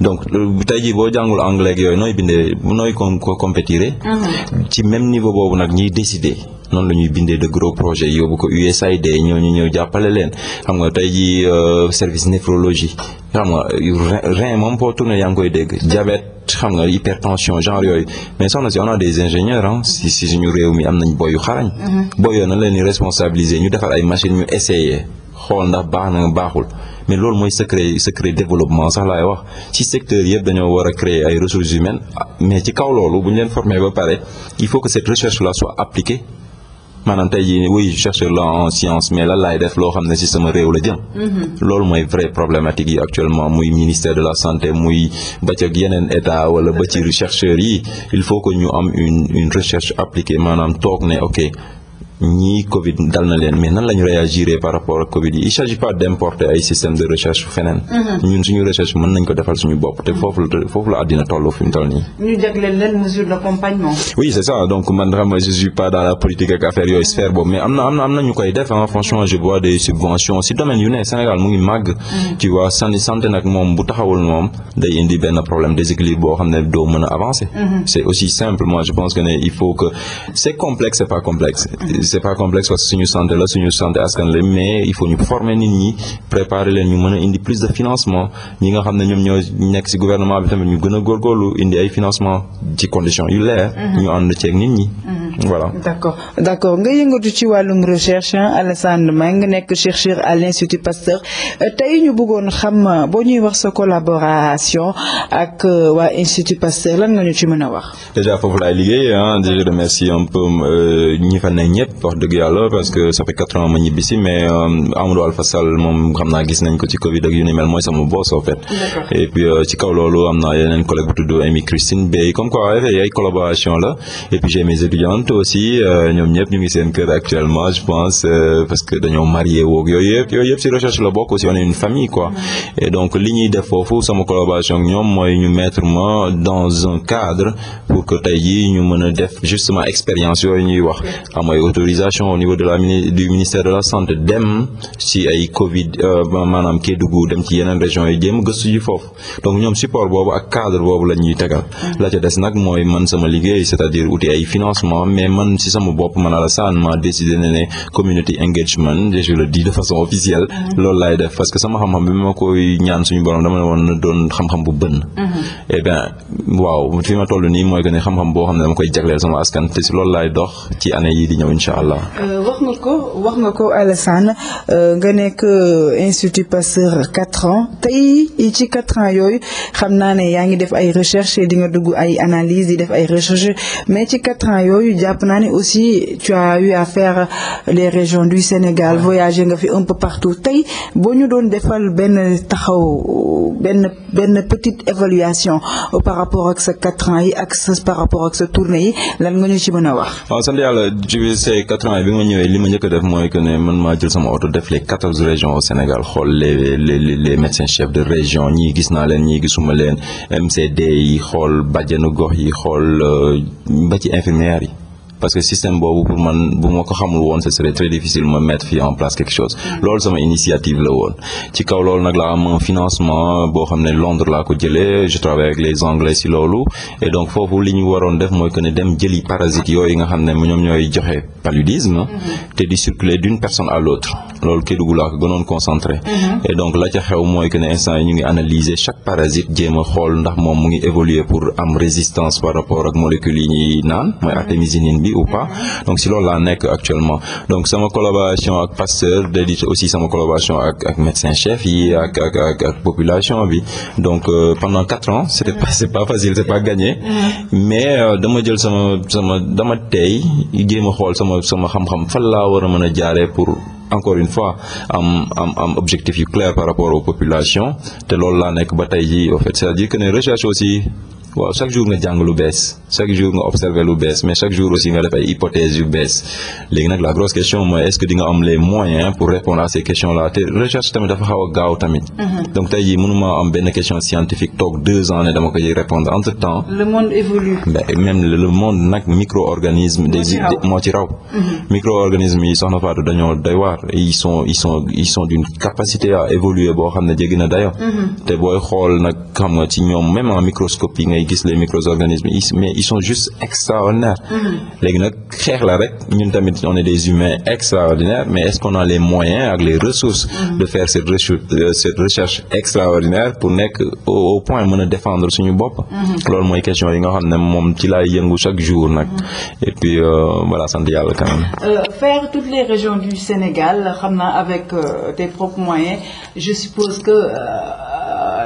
donc euh, tey ji boo jàngul anglais ak yooyu nooy bindee nooy ko compétiré. Mhm. ci même niveau boobu nag ñiy décider. noonu la ñuy bindee de gros projets yóbbu ko USAID ñooñu ñëw jàppale leen xam nga tey jii euh, service néphrologie xam nga rein moom foo tourné yaa ngi koy dégg diabète xam nga hypertension genre yooyu mais soxna si on a des ingénieurs ah si si suñu réew mi am nañ boy yu xarañ mm-hmm. boy yoo na leen di responsabiliser ñu defar ay machine ñu essayer xool ndax baax na baaxul mais loolu mooy secret secret développement sax laay wax ci secteur yëpp dañoo war a créer ay ressources humaines ah, mais ci kaw loolu bu leen former ba pare il faut que cette recherche maanaam tey jii oui je cherche la en science mais lan laay def loo xam ne si sama réew la jëm. Mhm. loolu mooy vraie problématique yi actuellement muy ministère de la santé muy ba ca yeneen état wala ba ci chercheurs yi il faut que ñu am une une recherche appliquée maanaam toog ne ok. ñii Covid dal na leen mais nan la ñu réagir par rapport ak Covid yi il s'agit pas d'importer ay système de recherche feneen. Mm-hmm. ñun suñu recherche mën nañ ko defal suñu bopp te mm-hmm. foofu la foofu la àddina toll fi mu toll nii. ñu jagleel leen mesure d'accompagnement. oui c'est ça donc man xam nga je suis pas dans la politique ak affaire yooyu sphère boobu mais am na am na am na ñu koy def ah franchement je vois des subventions si domaine yu ne Sénégal mu ngi màgg. Mm-hmm. tu vois santé nag moom bu taxawul moom day indi benn problème déséquilibre boo xam ne doo mën a avancer. c'est aussi simple moi pense il faut que c'est complexe c'est pas c'est pas complexe parce que suñu santé la suñu santé askan la mais il faut ñu former nit ñi préparer leen ñu mën a indi plus de financement ñi nga xam ne ñoom ñoo nekk ci gouvernement bi tamit ñu gën a góorgóorlu indi ay financement ci condition yu leer mm-hmm. ñu ànd ceeg nit ñi mm-hmm. voilà d'accord d'accord nga yëngatu ci wàllum recherche Alassane Mbengue nekk chercheur à l'Institut Pasteur euh, tey ñu bëggoon xam euh, boo ñuy wax sa collaboration ak euh, waa Institut Pasteur lan nga ñu ci mën a wax. déjà foofu laay liggéey ah di remercier un ñi fa ne ñëpp wax dëgg yàlla parce que sa fait quatre ans ma ñibbi si mais Amadou Alpha Sall moom xam naa gis nañ ko ci Covid ak yu ni mel mooy sama boss en fait. et puis ci kaw loolu am naa yeneen collègue bu tudd Amy Christine Bey comme collaboration la et puis j'ai mes Fanta aussi euh, ñoom ñëpp ñu ngi seen kër actuellement je pense euh, parce que dañoo marié woog yooyu yëpp yooyu yëpp si recherche la bokk aussi on une famille quoi et donc li ñuy def foofu sama collaboration ak ñoom mooy ñu mettre ma dans un cadre pour que tey yi ñu mën a def justement expérience yooyu ñuy wax am ay autorisation au niveau de la du ministère de la santé dem si ay Covid euh, maanaam kee Kédougou dem ci yeneen régions yi jéem gëstu ji foofu donc ñoom support boobu ak cadre boobu la ñuy tegal man si sama bopp man Alassane ma décidé ne ne community engagement je le dis de façon officielle mm-hmm. loolu laay def parce que sama xam-xam bi ma koy ñaan suñu borom dama ne woon na doon xam-xam bu bën mm-hmm. eh bien waaw fi ma toll nii mooy que a xam-xam boo xam ne dama koy jagleel sama askan te si loolu laay dox ci année yi di ñëw incha allah euh, wax nga ko wax nga ko Alassane euh, nga nekk euh, institut Pasteur quatre ans tey ci quatre ans yooyu xam naa ne yaa ngi def jàpp naa ne aussi tu as eu à euh, les régions du Sénégal voyager nga fi un partout tey boo ñu doon defal benn taxaw benn benn petite évaluation euh, par rapport ak sa quatre ans yi ak sa par rapport ak sa tournée yi lan nga ñu ci mën a wax. waaw sant yàlla ci say quatre ans yi bi ma ñëwee li ma njëkk def mooy que ne man maa jël sama oto def les quatorze régions au Sénégal xool les les les médecins de région ñii gis naa leen ñii gisuma leen MCD yi xool bàjjenu gox yi xool euh, ba ci infirmières yi. parce que système boobu pour man bu ma ko xamul woon ce serait très difficile ma mettre fii en place quelque chose mm. loolu sama initiative la woon ci kaw loolu nag laa am un financement boo xam ne Londres laa ko jëlee je travaille avec les anglais si loolu et foofu li ñu waroon def mooy que ne dem jëli parasites yooyu nga xam ne ñoom ñooy joxe paludisme mm-hmm. d'une personne à l'autre loolu Kédougou laa ko gënoon concentré mm-hmm. et donc la ca xew mooy que ne instant yi ñu ngi analyser chaque parasite jéem a xool ndax moom mu ngi évoluer pour am résistance par rapport ak molécules yi ñuy naan mooy mm-hmm. artémisinine bi bi ou pas donc si loolu laa nekk actuellement donc sama collaboration ak pasteur di aussi sama collaboration ak ak médecin chef yi ak ak ak population bi donc euh, pendant quatre ans c'était pas c'est pas facile c'est pas gagné mais euh, dama jël sama sama dama tey jéem a xool sama sama xam-xam fan laa war a man a jaaree pour encore une fois am am am objectif yu clair par rapport aux populations te loolu laa nekk ba tey c'est-à-dire que ne recherche aussi waaw chaque jour nga jàng lu bees chaque jour nga observer lu bees mais chaque jour aussi nga def ay hypothèses yu bees léegi nag la grosse question mooy est-ce que di nga am les moyens pour répondre à ces questions là te recherche tamit dafa xaw a gaaw tamit. Mhm. donc tey jii am benn question scientifique toog deux ans ne dama koy répondre entre temps. le monde évolue. même le monde nag micro-organisme. moo ci raw mhm. micro-organisme yi soxna Fatou dañoo doy waar ils sont ils sont ils boo xam ne jéggi na dayo mhm. te booy xool nag xam nga ci ñoom même ngay gis les micro-organismes mais sont juste extraordinaires mm-hmm. léegi nag xeex la rek ñun tamit on est des humains extraordinaires mais est-ce qu'on a les moyens ak les ressources mm-hmm. de faire cette euh, cette recherche extraordinaire pour nekk au point mën a défendre suñu bopp mm-hmm. loolu mooy question yi nga xam ne moom ci laay yëngu chaque jour nag et puis euh, voilà sant yàlla quand même euh, faire toutes les régions du Sénégal xam naa avec tes propres moyens je suppose que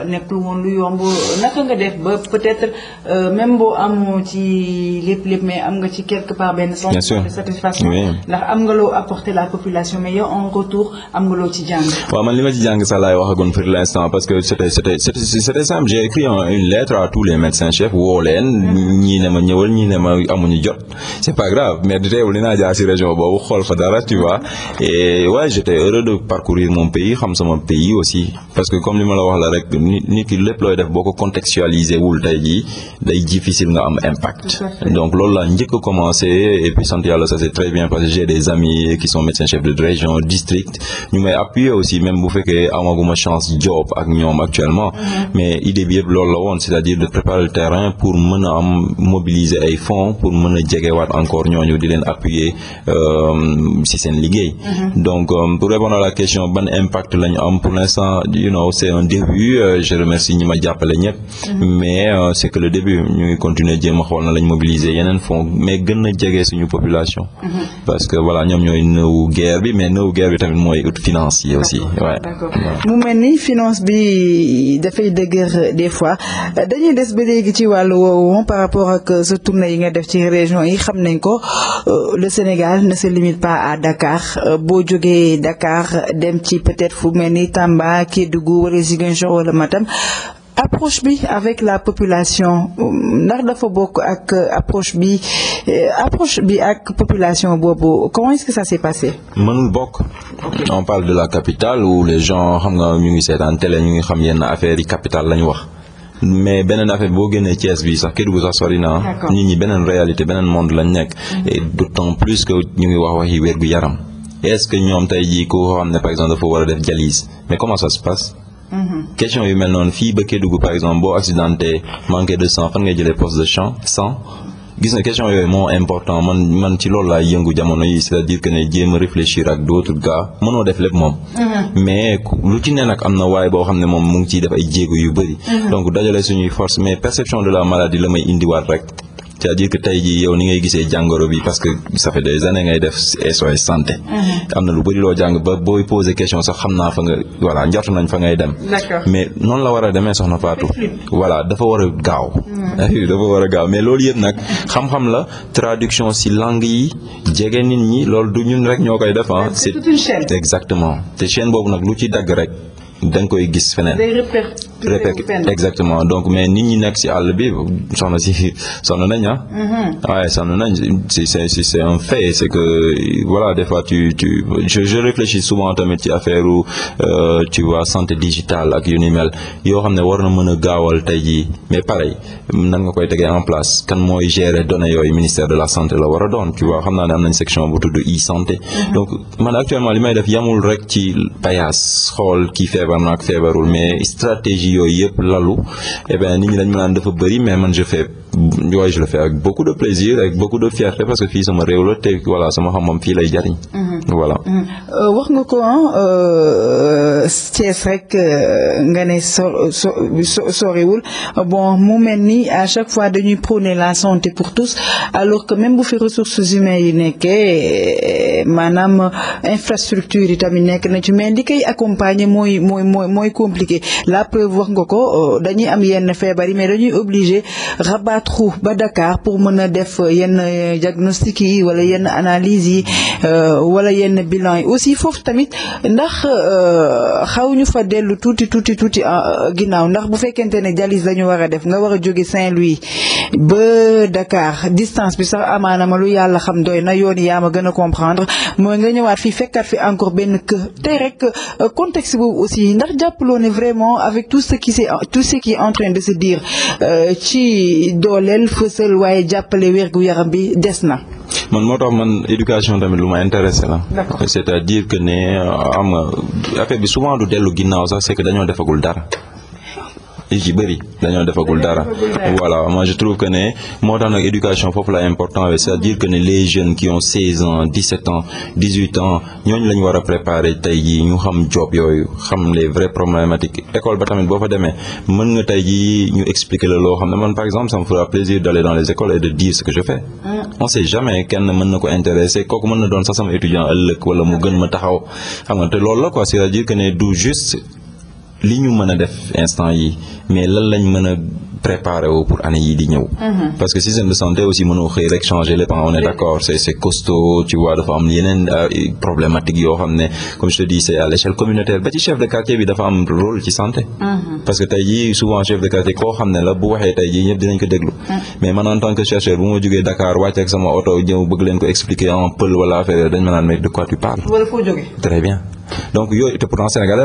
nekkul woon lu yomb naka nga def ba peut-être euh, même boo amoo ci lépp lépp mais am nga ci quelque part benn sentiment de satisfaction ndax am nga loo apporter la population mais yow en retour am nga loo ci jàng waaw man li ma ci jàng sax laay waxagoon pour l'instant parce que c'était c'était c'était simple j'ai écrit une lettre à tous les médecins chefs woo leen ñii ne ma ñëwal ñii ne ma amuñu jot c'est pas grave mais teewul dinaa jaar ci région boobu xool fa dara tu vois et ouais j'étais heureux de parcourir mon que nit nit ki lépp looy def boo ko contextualiser wul tey jii day difficile nga am impact. donc loolu laa njëkk a commencé et puis sant yàlla ça c'est très bien parce que des amis qui sont médecins chefs de région district ñu may appuyer aussi même bu fekkee amaguma chance job ak ñoom actuellement. Mhm. mais idée bi lool la woon c'est-à-dire de préparer le terrain pour mën a am mobiliser ay fonds pour mën a jegewaat encore ñooñu di leen appuyer ci euh, seen liggéey. Mhm. donc euh, pour répondre je remercie ñi ma jàppale ñëpp. Mhm. mais euh, c' est que le début ñu ngi continuer jéem a xool na lañ mobiliser yeneen fonds mais gën a jege suñu population. Mhm. parce que voilà ñoom ñooy nëwu guerre bi mais nëwu guerre bi tamit mooy ut finance yi aussi. d' accord mu mel ni finance bi dafay dëgër euh, des fois euh, dañuy des ba léegi ci wàllu woowu par rapport ak sa tournée yi nga def ci région yi xam nañ ko le Sénégal ne se limite pas à Dakar boo jógee Dakar dem ci peut fu mel ni Tamba Kédougou Matam approche bi avec la population euh, ndax dafa bokk ak euh, approche bi euh, approche bi ak population boobu comment est-ce que ça s'est passé. mënul bokk on parle de la capitale où les gens xam nga ñu ngi seetaan télé ñu ngi xam yenn affaires yi capitale lañu wax. mais beneen affaire boo génnee Thiès bi sax Kédougou sax sori na nit ñi beneen réalité beneen monde lañ nekk. Mm-hmm. et d'autant plus que ñu ngi wax waxi wér gu yaram est-ce que ñoom tey jii ku xam ne par exemple Mhm. question yu mel noonu fii ba Kédougou par exemple boo accidenté manqué de sang fan ngay jëlee poste de champ sang gis na question yooyu moo important man man ci loolu laay yëngu jamono yi c'est-à-dire que ne jéem a réfléchir ak d'autres gars mënoo def lépp moom mhm. mais lu ci ne nag am na waaye boo xam ne moom mu ngi ciy def ay jéego yu bëri mhm. donc dajale suñuy force mais perception de la maladie la may indiwaat rek c'est-à-dire que tey jii yow ni ngay gisee jàngoro bi parce que ça fait des années ngay def SOS santé. Mhm. am na lu bëri loo jàng ba booy poser question sax xam naa fa nga voilà njort nañ fa ngay dem. mais noonu la war a demee soxna Fatou. voilà dafa war a gaaw. Mhm. dafa war a gaaw mais loolu yëpp nag xam-xam la traduction si lang yi jege nit ñi loolu du ñun rek ñoo koy def ah. c'est exactement te chaine boobu nag lu ci dagg rek da koy gis feneen. répéter exactement donc mais nit ñi nekk si àll bi soxna si sonn nañ ah. waaye mm-hmm. sonn nañ si c'est c'est un fait c'est que voilà des fois tu tu je je réfléchis souvent tamit ci affaire où euh, tu vois santé digitale ak yu ni mel yoo xam ne war na mën a gaawal tey jii mais pareil nan nga koy tegee en place kan mooy gérer donne yooyu ministère de la santé la war a doon tu waa xam naa ne am nañ section bu tudd e-santé mm-hmm. donc man actuellement li may def yamul rek ci payaas xool kii feebar na ak feebarul yooyu yëpp lalu eh bien nit ñi dañ ma naan dafa bëri mais man je waaye je le fais avec beaucoup de plaisir avec beaucoup de fierté parce que fii sama réew la te voilà sama xam-xam fii lay jariñ mhm. voilà mhm. Euh, wax nga ko euh, Thiès rek euh, nga ne so soriwul bon mu mel ni à chaque fois dañuy prôner la santé pour tous alors que même bu fi ressources humaines yi nekkee maanaam infrastructure yi tamit nekk nañ ci mais li koy accompagner mooy mooy mooy mooy compliqué la wax nga ko dañuy am yenn feebar yi mais dañuy obligé rabat Trou ba Dakar pour mën a def yenn diagnostic yi wala yenn analyse yi euh, wala yenn bilan yi aussi foofu tamit ndax euh, xaw ñu fa dellu tuuti tuuti tuuti euh, ginnaaw ndax bu fekkente ne dialyse la ñu war a def nga war a jóge Saint-Louis ba Dakar distance bi sax amaana ma yàlla xam doy na yoon yaa a gën a comprendre mooy nga ñëwaat fi fekkaat fi encore benn kër tey rek contexte boobu aussi ndax jàppaloo ne vraiment avec tout ce qui c'est tout ce qui est en de se dire ci dooleel fësal waaye jàppale wér-gu-yaram bi des na. man moo tax man éducation tamit lu ma intéressé la. c'est-à-dire que ne xam euh, nga affaire bi souvent du dellu ginnaaw sax c'est que dañoo defagul dara. yi ci bëri dañoo defagul dara voilà moi je trouve que ne moo tax nag éducation foofu la important c'est à dire que ne les jeunes qui ont seize ans ñooñu la ñu war a préparer ñu xam job yooyu xam les vraies problématiques école ba tamit boo fa demee mën nga tey jii ñu expliquer la loo xam ne man par exemple ça me plaisir d'aller dans les écoles et de ce que je fais ah. on sait jamais kenn mën na ko intéressé kooku mën na doon sax sama étudiant ëllëg wala mu li ñu mën a def instant yi mais lan lañ mën a préparer wu pour année yi di ñëw mm-hmm. parce que système de santé aussi mënoo xëy rek changer lépp on est d'accord c'est c'est costaud tu dafa am yeneen euh, problématique yoo xam ne comme je te dis c'est à l'échelle communautaire ba ci chef de quartier bi dafa am rôle ci santé mm-hmm. parce que tey jii souvent chef de quartier koo xam ne la bu waxee tey jii ñëpp dinañ ko déglu mm. mais man en tant que chercheur bu ma jógee Dakar wàcc ak donc yooyu te pourtant sénégalais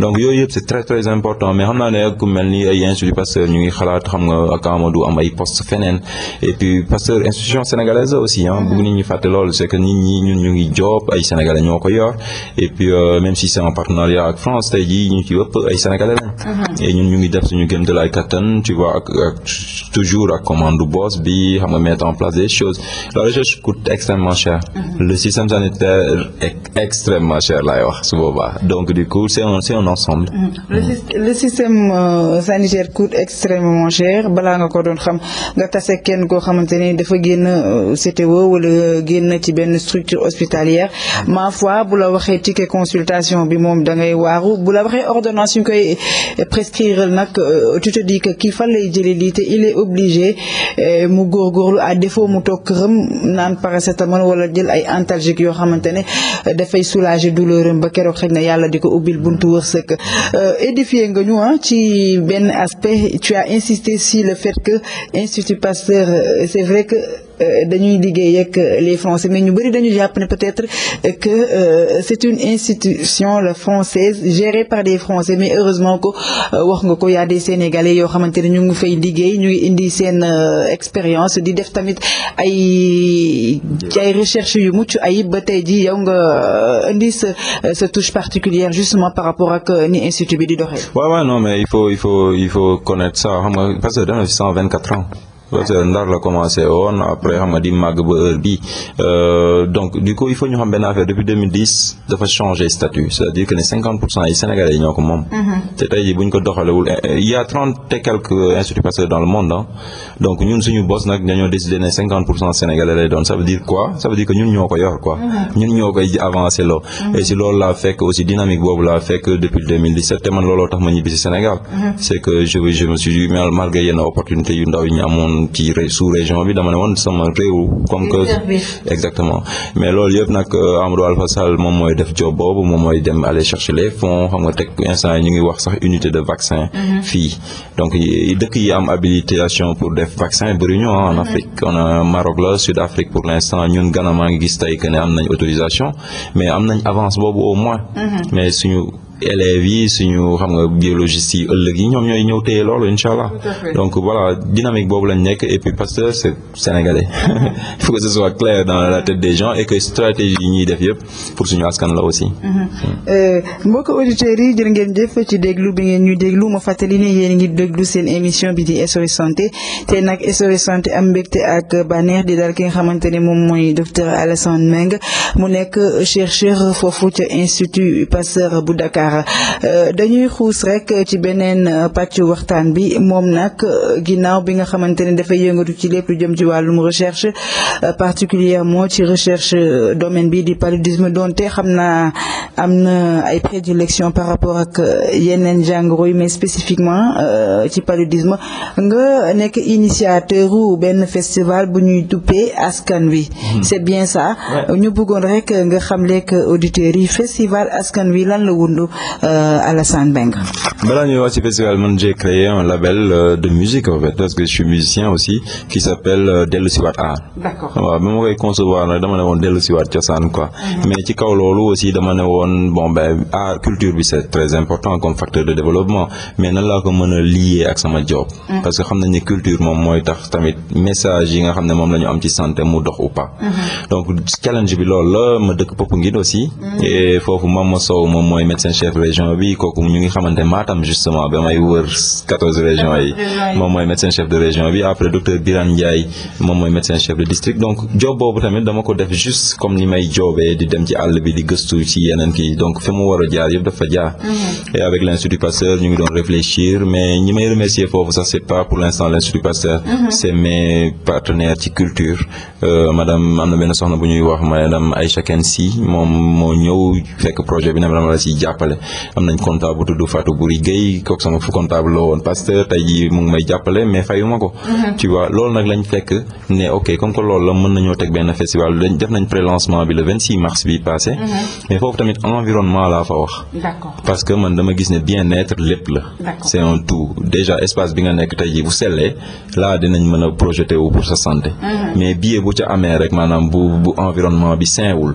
yooyu yëpp très très important mais xam naa ne ku mel ni ay institut Pasteur ñu ngi xalaat xam nga ak Amadou am ay post feneen et puis Pasteur institution sénégalaise la aussi ah. bëgg nit ñi fàtte loolu c' est que nit ñi ñun ñu ngi job ay sénégalais ñoo ko yor et puis euh, même si c' en partenariat ak France tey jii ñu ci ëpp ay sénégalais lañ. Mhm. et ñun ñu ngi def suñu gëm de laay kattan tu vois ak toujours ak commande boss bi xam nga mettre en place des choses la recherche coûte extrêmement cher. Mhm. le système sanitaire laay wax su boobaa donc du coup c'est un c'est un ensemble. Mm-hmm. le système euh, sanitaire coûte extrêmement cher balaa nga ko doon xam nga tase kenn koo xamante ne dafa génn euh, CTO wala génn ci benn structure hospitalière mm-hmm. ma foi bu la waxee ticket consultation bi moom da ngay waaru bu la waxee ordonnance ñu koy prescrire nag euh, tu te kii fan lay jëlee lii te il est obligé mu góorgóorlu à défaut mu toog këram naan paracétamol wala jël ay antalgiques yoo xamante dafay soulager douleur. valeuram ba keroog xëy na yàlla di ko ubbil buntu wërsëg euh, édifié nga ñu ah ci benn aspect tu as insisté sur le fait que Institut Pasteur euh, c'est vrai que Euh, dañuy liggéey ak euh, les français mais ñu bëri dañuy jàpp ne peut-être euh, que c'est une institution la française gérée par des français mais heureusement que wax nga ko y a des sénégalais yoo xamante ne ñu ngi fay liggéey ñu ngi indi seen expérience di def tamit ay ay recherche yu mucc ayib ba tey ji yow nga indi sa sa touche particulière justement par rapport ak ni institut bi di doxee. waaw waaw non mais il faut il faut il faut connaître ça xam nga parce que dañoo fi ans. ndar la commencé woon après xam nga di màgg ba heure bi euh, donc du coup il faut ñu xam benn affaire depuis dafa changé statut c'est-à-dire que ne 50 pour ñoo ko moom. Mm-hmm. te tey jii ko doxalewul eh, eh, il y trente et quelques instituts Pasteur dans le monde donc ñun suñu boss nag dañoo décidé ne 50 pour doon ça veut dire quoi ça veut dire que ñun ñoo ko yor quoi. Mm-hmm. ñun ñoo koy avancé loo. Mm-hmm. et si loolu laa fekk aussi dynamique boobu laa fekk yu ndaw yi woon ci sous région bi dama ne woon sama réew comme que exactement mais loolu yëpp nag euh, Amadou Alpha Sall moom mooy def job boobu moom mooy dem aller chercher les fonds xam nga teg instant ñu ngi wax sax unité de vaccin mhm. fii donc dëkk yi am habilitation pour def vaccin bëri ñu ah, en mhm. Afrique on a Maroc la Sud Afrique pour l'instant ñun Ghana maa ngi gis tey que ne am nañ autorisation mais am nañ avance boobu au moins mhm. mais suñu élèves yi suñu xam nga biologistes allah donc voilà dynamique boobu lañ nekk et Pasteur c'est sénégalais il faut que soit clair dans la tête des gens et stratégie yi def yëpp pour suñu askan la aussi. Mm-hmm. Mm. Euh, mbokk auditeurs yi jërë ngeen jëf ci déglu bi ngeen ñu déglu ma fàttali ne yéen ngi déglu seen émission bi di SOS santé te nag SOS santé am mbégte ak bànneex di daal ki nga xamante ne moom mooy docteur Alassane Mbengue mu nekk chercheur foofu ca institut Pasteur bu Dakar. Dakar euh, dañuy xuus rek ci beneen euh, pàcc waxtaan bi moom nag euh, ginnaaw bi nga xamante ne dafay yëngatu ci lépp lu jëm ci wàllum recherche particulièrement ci recherche domaine bi di paludisme donte xam naa am na ay prédilection par rapport ak yeneen jàngoro yi mais spécifiquement ci paludisme nga nekk initiateur u benn festival bu ñuy duppee askan wi mhm. c'est bien ça ñu bëggoon rek nga xam lekk auditeurs yi festival askan wi lan la wundu Alassane euh, Mbengue. balaa ñuy wax ci festival man j'ai créé un label euh, de musique en fait parce que je suis musicien aussi qui s'appelle euh, Dellu Siwaat Art. d'accord waaw bi ma koy concevoir dama ne woon Dellu Siwaat cosaan quoi. Mhm. mais ci kaw loolu aussi dama ne woon bon ben art culture bi c'est très important comme facteur de développement mais nan laa ko mën a lier ak sama job. Mhm. parce que xam na ne culture moom mooy tax tamit message yi nga xam ne moom la ñu am ci santé mu dox ou pas. Mhm. donc bi loolu la ma dëkk Popenguine aussi. et foofu Mama mooy def région bi kooku ñu ngi xamante Matam justement ba may wër quatorze régions yi moom mooy médecin chef de région bi après docteur Birane Ndiaye moom mooy médecin chef de district donc job boobu tamit dama ko def juste comme ni may joobee di dem ci àll bi di gëstu ci yeneen kii donc fi mu war a jaar yëpp dafa jaar mhm. et avec l'Institut Pasteur ñu ngi doon réfléchir mais ñi may remercier foofu sax c'est pas pour l'instant l'Institut Pasteur mhm. c'est mes partenaires culture euh, madame am na benn soxna bu ñuy wax madame Aïcha Kensi moom fekk projet bi ne ma dama am nañ comptable bu tudd Fatou Boury Guèye kooku sama fu comptable la woon pasteur tey jii mu ngi may jàppale mais fayuma ko. ci mhm. waa loolu nag lañ fekk ne ok comme que loolu la mën nañoo teg benn festival dañ def nañ prélancement bi le 26 mars bi passé. Mhm. mais foofu tamit environnement laa fa wax. parce que man dama gis ne bien-être lépp la. c'est un tout déjà espace bi nga nekk tey jii bu sellee laa dinañ mën a projeté wu pour sa santé. Mhm. mais billet bu ca amee rek maanaam bu bu environnement bi sain wul.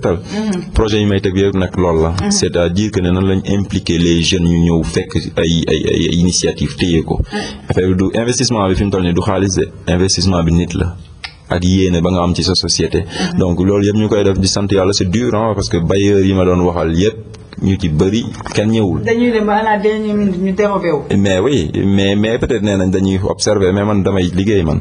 setal projet yi may teg yëpp nag loolu la mhm. c' est à dire que ne nan lañ impliquer les jeunes ñu ñëw fekk ay ay ay initiative téye ko affaire du investissement bi fi mu toll nii du xaalis de investissement bi nit la ak yéene ba nga am ci sa société mhm. donc loolu yëpp ñu koy def di sant yàlla c'est dur parce que bailleurs yi ma doon waxal yëpp ñu ci bëri kenn ñëwul. mais oui mais mais peut-être nee nañ dañuy observer mais man damay liggéey man.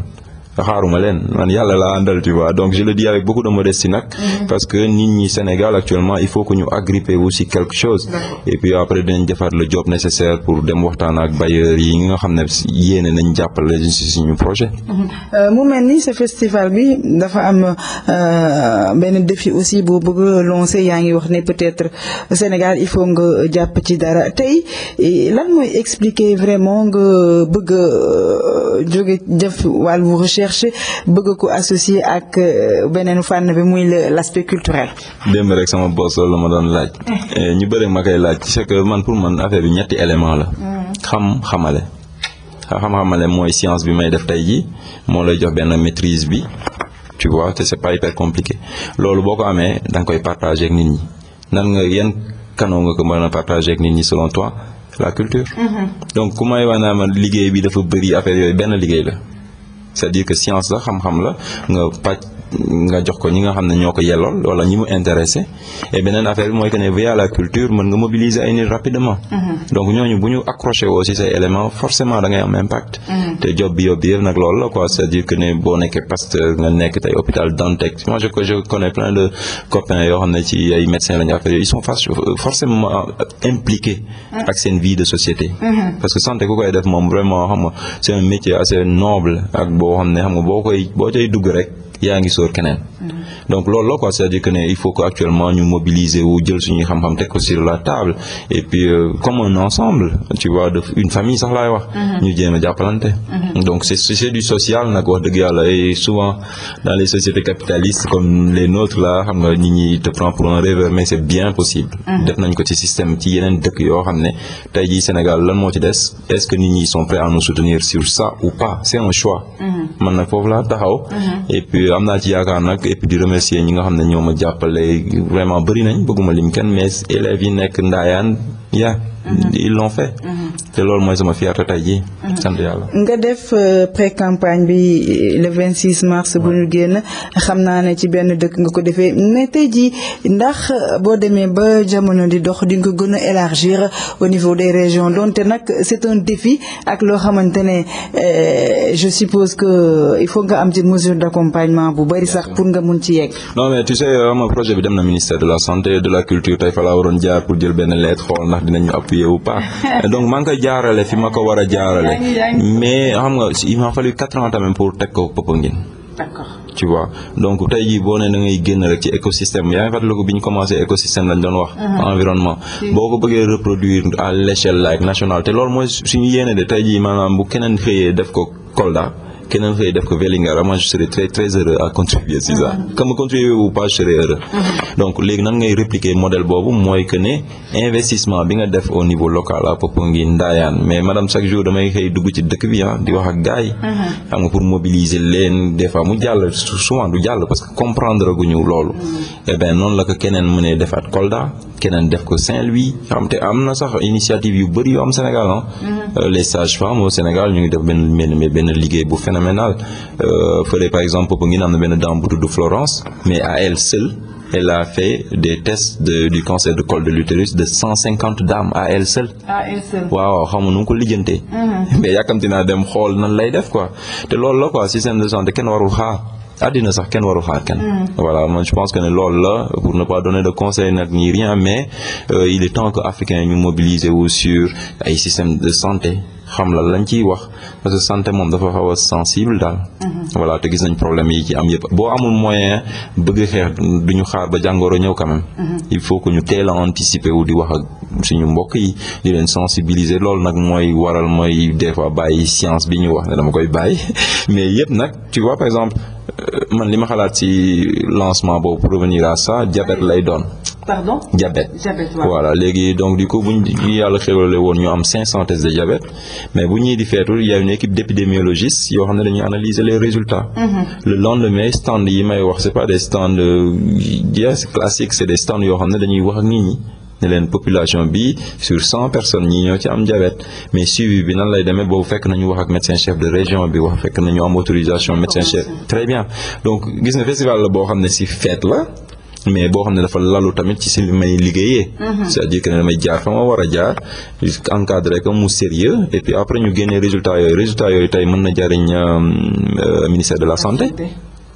xaaruma leen man yàlla laa àndal tu vois donc je le dis avec beaucoup de modestie nag mhm. parce que nit ñi Sénégal actuellement il faut que ñu agrippé wu si quelque chose et puis après dinañ defaat le job nécessaire pour dem waxtaan ak bailleurs yi nga xam ne yéene nañ jàppale si suñu projet mhm. euh, mu mel ni ce festival bi dafa am euh, benn défi aussi boo bëgg lancé yaa ngi wax ne peut-être Sénégal il faut nga jàpp ci dara tey lan mooy expliquer vraiment nga bëgg a euh, recherche bëgg ko associer ak euh, beneen fànn bi muy l'aspect culturel. démb rek sama boss loolu la ma doon laaj. Eh. Eh, ñu bëri ma koy laaj c'est que man pour man affaire bi ñetti élément la. Mm. xam xamale. xam-xamale mooy science bi may def tey jii moo lay jox benn maîtrise bi tu vois te c'est pas hyper compliqué loolu boo ko amee da koy partager ak nit ñi nan nga yan kanoo nga ko mën a partager ak ñi selon toi la culture. Mm-hmm. donc ku may wax naa ma liggéey bi dafa bëri affaire yooyu benn liggéey la. c'est-à-dire que science la xam-xam la nga pàcc nga jox ko ñi nga xam ne ñoo ko yellool wala ñi mu intéressé et affaire bi mooy que ne via la culture mën nga mobiliser ay nit rapidement mm-hmm. donc ñooñu bu ñu accroché woo si élément forcément da am impact mm-hmm. te job bi yóbbu yëpp nag loolu la quoi cest dire que ne boo nekkee pasteur nga nekk tey hôpital Dantec moi je connais plein de copains yoo xam ne ci ay médecins lañu affaire ils sont forcément impliqués mm-hmm. ak seen vie de société parce que yaa ngi sóor keneen. Mm. donc loolu la quoi c'est-à-dire que ne il faut que actuellement ñu mobiliser wu jël suñuy xam-xam teg ko sur la table et puis euh, comme un ensemble tu vois de une famille sax laay wax. Mm-hmm. ñu jéem a jàppalante. Mm-hmm. donc c'est c'est du social nag wax dëgg yàlla et souvent dans les sociétés capitalistes comme les nôtres la xam nga nit ñi te prend pour un rêveur mais c'est bien possible. Mm-hmm. def nañ ko ci système ci yeneen dëkk yoo xam ne tey jii Sénégal lan moo ci des est-ce que nit ñi sont prêts à nous soutenir sur ça ou pas c'est foofu laa taxaw yooyu am naa ci yaakaar nag et puis di remercier ñi nga xam ne ñoo a jàppale vraiment bëri nañ bëgguma lim kenn mais élèves yi nekk ndaayaan yaa Mm-hmm. ils l'ont fait. Mm-hmm. te loolu mooy sama fierté tey jii. Mm-hmm. sant nga def euh, pré campagne bi euh, le 26 mars bu nu génn xam naa ne ci benn dëkk nga ko defee mais tey jii ndax euh, boo demee ba jamono di dox di nga ko gën a élargir au niveau des régions donte nag c'est un défi ak loo xamante ne je suppose que il faut nga am ci mesure d'accompagnement bu bari sax pour nga mun ci yegg. non mais tu sais projet bi dem na ministère de la santé de la culture tey fa waroon jaar pour jël benn lettre xool ndax dinañu appuyer ou pas donc maa ngi koy jaarale fi ma ko war a jaarale mais xam nga il m'a fallu quatre ans tamit pour teg ko Popenguine d'accord tu vois donc tey jii boo nee da génn rek ci écosystème yaa ngi fàttaliku bi ñu commencé écosystème lañ doon wax uh-huh. environnement boo ko bëggee reproduire à l'échelle like nationale te loolu mooy suñu yéene de tey jii maanaam bu keneen xëyee def ko Kolda keneen xëy def ko Vélingara moi je serais très très heureux à contribuer si ça que mm-hmm. ma contribuer ou pas je serais heureux mm-hmm. donc léegi nan ngay répliquer modèle boobu mooy que investissement bi nga def au niveau local à Popenguine Ndayane mais madame chaque jour damay xëy dugg ci dëkk bi ah di wax ak gars yi mm-hmm. xam nga pour mobiliser leen des fois mu jàll souvent du jàll parce que comprendre guñu loolu et eh bien noonu la ko keneen mënee defaat Kolda keneen def ko Saint-Louis xam te am na sax initiative yu bëri yu am Sénégal ah euh, les sages-femmes au Sénégal ñu ngi def benn phénoménal euh, fële par exemple Popenguine am na benn dame bu tudd Florence mais à elle seule elle a fait des tests de du cancer de col de l'utérus de cent cinquante dames à elle seule. waaw xam nga nu ko lijjantee. Mhm. mais ya yàkkamti naa dem xool nan lay def quoi te loolu la quoi système de santé kenn warul xaar. àddina sax kenn warul xaar kenn. Mhm. voilà je pense que ne lool la pour ne pas donner de conseil nag ni mais euh, il est temps que africain ñu mobiliser wu sur ay système de santé. xam la lañ ciy wax parce que santé moom dafa xaw a sensible daal. Mhm. voilà te gis nañ problème yi ci am yëpp boo amul moyen bëgg xeex du ñu xaar ba jàngoro ñëw quand mhm. il faut que ñu teel a anticiper wu di wax ak suñu mbokk yi di leen sensibiliser loolu nag mooy waral mooy des fois bàyyi science bi ñu wax ne dama koy bàyyi mais yëpp nag tu vois par exemple euh, man li ma xalaat ci lancement boobu provenir revenir à ça diabète lay doon. pardon. diabète voilà léegi donc du ko bu ñu yàlla xéwale woon ñu am 500 tests de diabète mais bu ñuy di feetul y a une équipe d'épidémiologistes yoo xam ne dañuy analyser les résultats. Mm-hmm. le lendemain stand yi may wax c'est pas des stands yes euh, classiques c'est des stands yoo xam ne dañuy wax ak nit ñi. ne leen population bi sur cent personnes ñi ñoo ci am diabète mais suivi bi nan lay demee boobu fekk nañu wax ak médecin chef de région bi wax fekk nañu am autorisation médecin chef très bien donc gis nga festival boo xam ne si fête la mais boo xam ne dafa lalu tamit ci si may liggéeyee. Mhm. c'est-à-dire que ne damay jaar fa ma war a jaar encadré ko mu sérieux et puis après ñu génnee résultat yooyu résultat yooyu tey mën na jariñ euh, euh, ministère de la santé.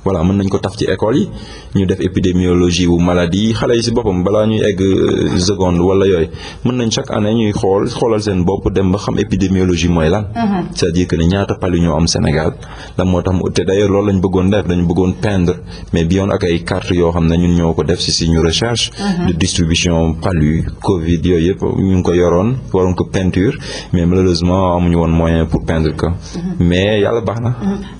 voilà mën nañ ko taf ci école yi ñu def épidémiologie wu maladie yi xale yi si boppam balaa ñuy egg euh, seconde wala yooyu mën nañ chaque année ñuy xool xoolal seen bopp dem ba xam épidémiologie mooy lan mm-hmm. c'est-à-dire que ne ñaata palu ñoo am Sénégal la moo tax te d'ailleurs loolu lañ bëggoon def dañu bëggoon peindre mais bi yoon ak ay carte yoo xam ne ñun ñoo ko def si suñu recherche mm-hmm. de distribution palu Covid yooyu yëpp ñu ngi ko yoroon waroon ko peinture mais malheureusement amuñu woon moyen pour peindre ko mm-hmm. mais yàlla baax na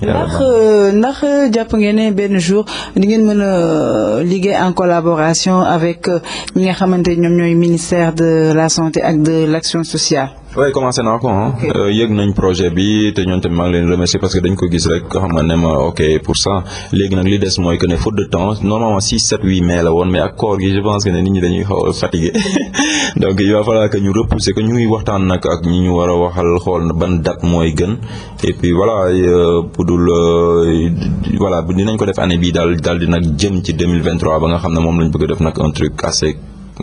ndax euh, ndax jàpp ngeen ne benn jour di ngeen mën a Euh, liggéey en collaboration avec euh, ñi nga xamante ñoom ñooy ministère de la santé ak de l'action sociale waaye commencé naa ko euh, yëg nañ projet bi te ñoom tamit maa ngi leen remercier parce que dañ ko gis rek xam nga ne ma ok pour ça léegi nag li des mooy que ne faute de temps normalement 6 7 8 mai la woon mais ak koor gi je pense que ne nit ñi dañuy xaw a fatigué donc il va que ñu repousser que ñu waxtaan nag ak ñi ñu war a waxal xool ban date mooy gën et puis voilà euh, bu dul euh, voilà dinañ ko def année bii daal daal di nag jën ci 2023 ba nga xam ne moom lañ bëgg a def nag un truc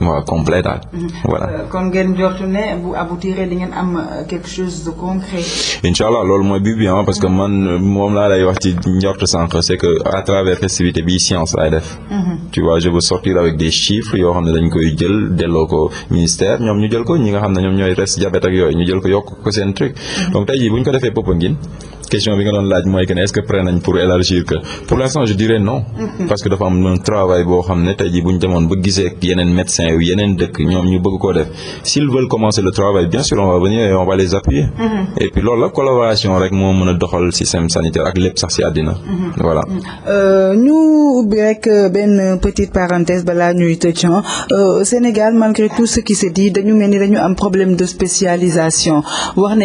waaw complet daal. Mhm. voilà euh, kon ngeen jortu ne bu aboutir di am euh, quelque chose de concret. incha allah loolu mooy bi bi parce que mhm. man euh, moom laa lay wax ci njort sànq c'est que à travers festivité bi science laay def. Mhm. ti vois je veux sortir avec des chiffres yoo xam ne dañ koy jël delloo ko ministère ñoom ñu jël ko ñi nga xam ne ñoom ñooy res jabet ak yooyu ñu jël ko yokk ko seen truc donc tey jii bu ko defee Popenguine question bi nga doon laaj pour élargir pour l'instant je dirais non. parce que dafa travail boo xam ne tey bu ñu demoon ba gisee ak yeneen médecins yu yeneen dëkk def s'ils veulent commencer le travail bien sûr on va venir on va les appuyer. Mm-hmm. et la collaboration rek moo mën a doxal système sanitaire ak lépp sax ci àddina. Mm-hmm. voilà. Mm-hmm. Euh, ñu ubbi euh, petite parenthèse balaa ñuy tëj euh, Sénégal malgré tout ce qui se dit dañu mel ni dañu problème de spécialisation wax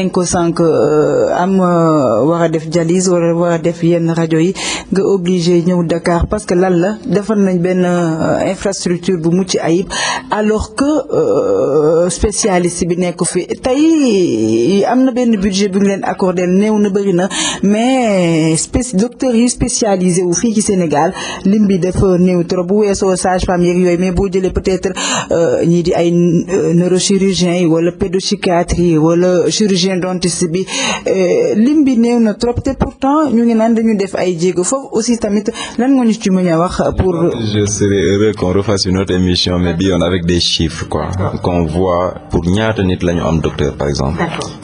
war a def dialyse wala war a def yenn rajo yi nga obligé ñëw Dakar parce que lan la defar nañ benn euh, infrastructure bu mucc ayib alors que euh, spécialiste bi nekk fi tey am na benn budget bu ñu leen accordé néew na bëri na mais spéc docteurs yi spécialisé wu fii ci Sénégal lim bi dafa néew trop bu weesoo sage-femme yeeg yooyu mais boo jëlee peut-être euh, ñii di ay neurochirurgien yi wala pédopsychiatre yi wala chirurgien dentiste bi lim bi néew na trop te pourtant ñu ngi naan dañu def ay jéego foofu aussi tamit lan nga ñu wax pour. je serais heureux qu'on refasse une autre émission mais bi avec des chiffres quoi. qu'on voit pour ñaata nit la ñu am docteur par exemple.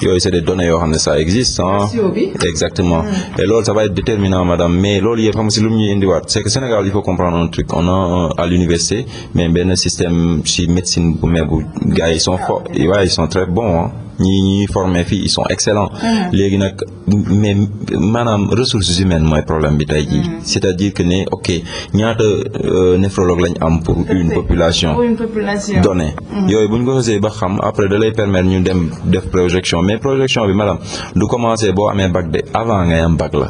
yooyu c'est des données yoo xam ne ça existe ah. exactement hmm. et loolu ça va être déterminant madame mais loolu yëpp xam nga si lu mu ñuy indiwaat c'est que Sénégal il faut comprendre un truc a euh, l'université mais benn système si médecine bu mais bu gars yi sont forts waaye sont très bons ñii ñuy formé fii ils sont excellents. Mm. léegi nag mais maanaam ressources humaines mooy problème bi tey jii. Mm. c'est-à-dire que ne ok ñaata euh, néphrologue lañ am pour une population. pour une population donnée. Mm. yooyu bu ñu ko see ba xam après da lay permettre ñu dem def projection mais projection bi maanaam du commencer boo amee bac de avant ngay am bac la.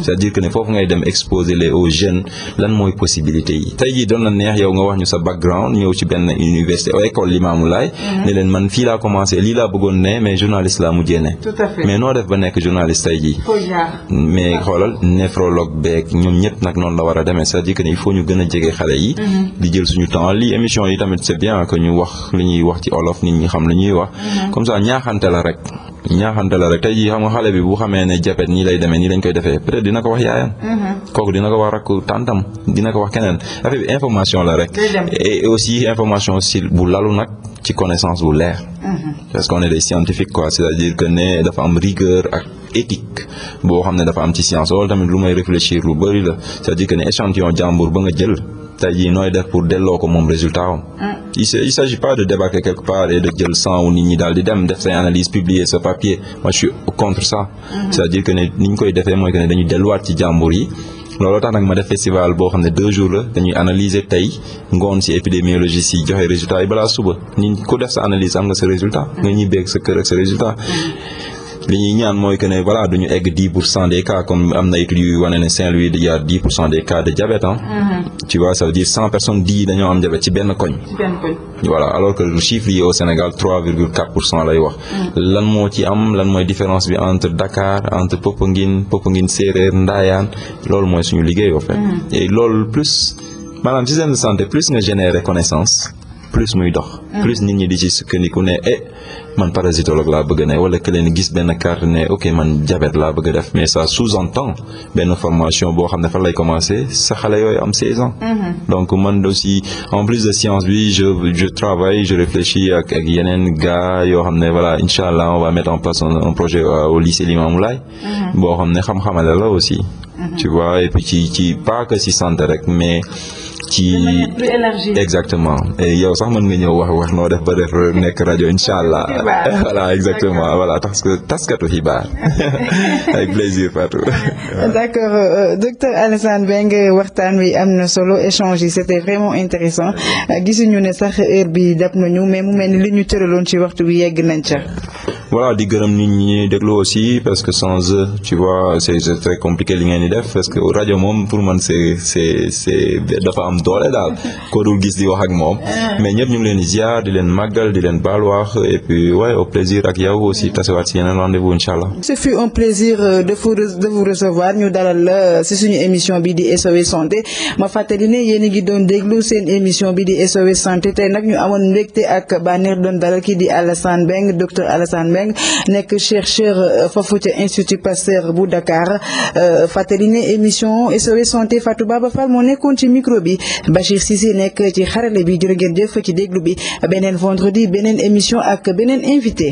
c'est-à-dire que ne foofu ngay dem exposé le aux jeunes lan mooy possibilité yi tey jii doon na neex yow nga wax ñu sa background ñëw ci benn université ou école Limaamu Laay mhm. leen man fii laa commencé lii laa bëggoon ne mais journaliste laa mujjee ne mais noo def ba nekk journaliste tey jii mais xoolal néphrologue beeg ñoom ñëpp nag noonu la war a demee c'est-à-dire que ne il faut ñu gën a jege xale yi mhm. di jël suñu temps lii émission yi tamit c'est bien que ñu wax li ñuy wax ci olof nit ñi xam li ñuy wax mhm. comme ça ñaaxante la rek ñaaxante la rek tey jii xam nga xale bi bu xamee ne jabet nii lay demee nii lañ koy defee peut-être dina ko wax yaayam. Mm-hmm. kooku dina ko wax rakk tàntam dina ko wax keneen information la rek. aussi information si bu lalu nag ci connaissance bu leer. Mm-hmm. parce qu'on est des scientifiques quoi c'est-à-dire que ne dafa am rigueur ak éthique boo xam ne dafa am ci science loolu tamit lu may réfléchir lu bari la c'est-à-dire que ne échantillon jàmbur ba nga jël. tey jii nooy def pour delloo ko moom résultat am. Mm. il s' il s' agit pas de débarquer quelque part et de jël sang nit ñi daal di dem def say analyse publier sa papier moi je contre ça. Mm-hmm. c' est à dire que ni ñu koy defee mooy que ne dañuy delluwaat ci jàmbur yi. looloo tax nag ma def festival boo xam ne deux jours la dañuy analyser tey ngoon ci épidémiologie ci joxe résultat yi balaa suba ni ku def sa analyse am nga sa résultat. Mm-hmm. nga ñibbeeg sa kër ak sa résultat. Mm-hmm. li ñuy ñaan mooy que ne voilà duñu egg dix pour cent des cas comme am na études yuy wane ne Saint-Louis il y cent des cas de diabète ah. tu vois ça personnes dix dañoo am diabète ci benn koñ. voilà alors que le chiffre yi au Sénégal trois virgule quatre pour cent lay wax. Mm-hmm. lan moo ci am lan mooy différence bi entre Dakar entre Popenguine Popenguine Séeréer ndaayaan loolu mooy suñu liggéey en fait. Mm-hmm. loolu plus maanaam ci seen santé plus nga génère reconnaissance plus muy dox. plus nit ñi di ci sukkandiku ne eh man parasitologue laa bëgg ne wala que gis benn carte ne ok man diabète laa bëgg def mais ça sous-entend benn formation boo xam ne fan lay commencer sa xale yooyu am 16 ans. Mhm. donc man aussi en plus de science bi je je travaille je réfléchis ak yeneen ga yoo xam ne voilà incha allah on va mettre en place un projet euh, au lycée Limamoulaye. Mhm. boo xam ne xam-xamale la aussi. Mhm. tu vois et ci ci pas que si santé rek mais. ci exactement yow sax mën nga ñëw wax wax noo def ba def nekk rajo incha allah voilà exactement voilà parce que taskatu xibaar avec plaisir Fatou. d'accord euh, euh, docteur Alassane waxtaan wi am na solo échange yi c'était vraiment intéressant euh, gisuñu ne sax heure bi dab nañu mais mu mel ni li ñu tëraloon ci waxtu bi yegg nañ ca. voilà di gërëm nit ñi ñuy déglu aussi parce que sans eux tu vois c' très compliqué li ngeen def parce que rajo moom pour man c' est c' est c' est dafa am doole daal koo dul gis di wax ak moom ah. mais ñëpp ñu ngi leen di ziar di leen màggal di leen baal wax et puis waaye plaisir ak yow aussi tasewaat si yeneen rendez-vous incha fut un plaisir euh, de vous recevoir ñu dalal euh, si suñu émission bi di SOS santé ma fàttali ne yéen a ngi doon déglu seen émission bi di SOS santé tey nag nekk chercheur euh, foofu ca institut Pasteur bu Dakar euh, fàttali ne émission SOS santé Fatou Baba Fall moo nekkoon ci micro bi Bachir Cissé nekk ci xarale bi jërë ngeen jëf ci déglu bi beneen vendredi beneen émission ak beneen invité.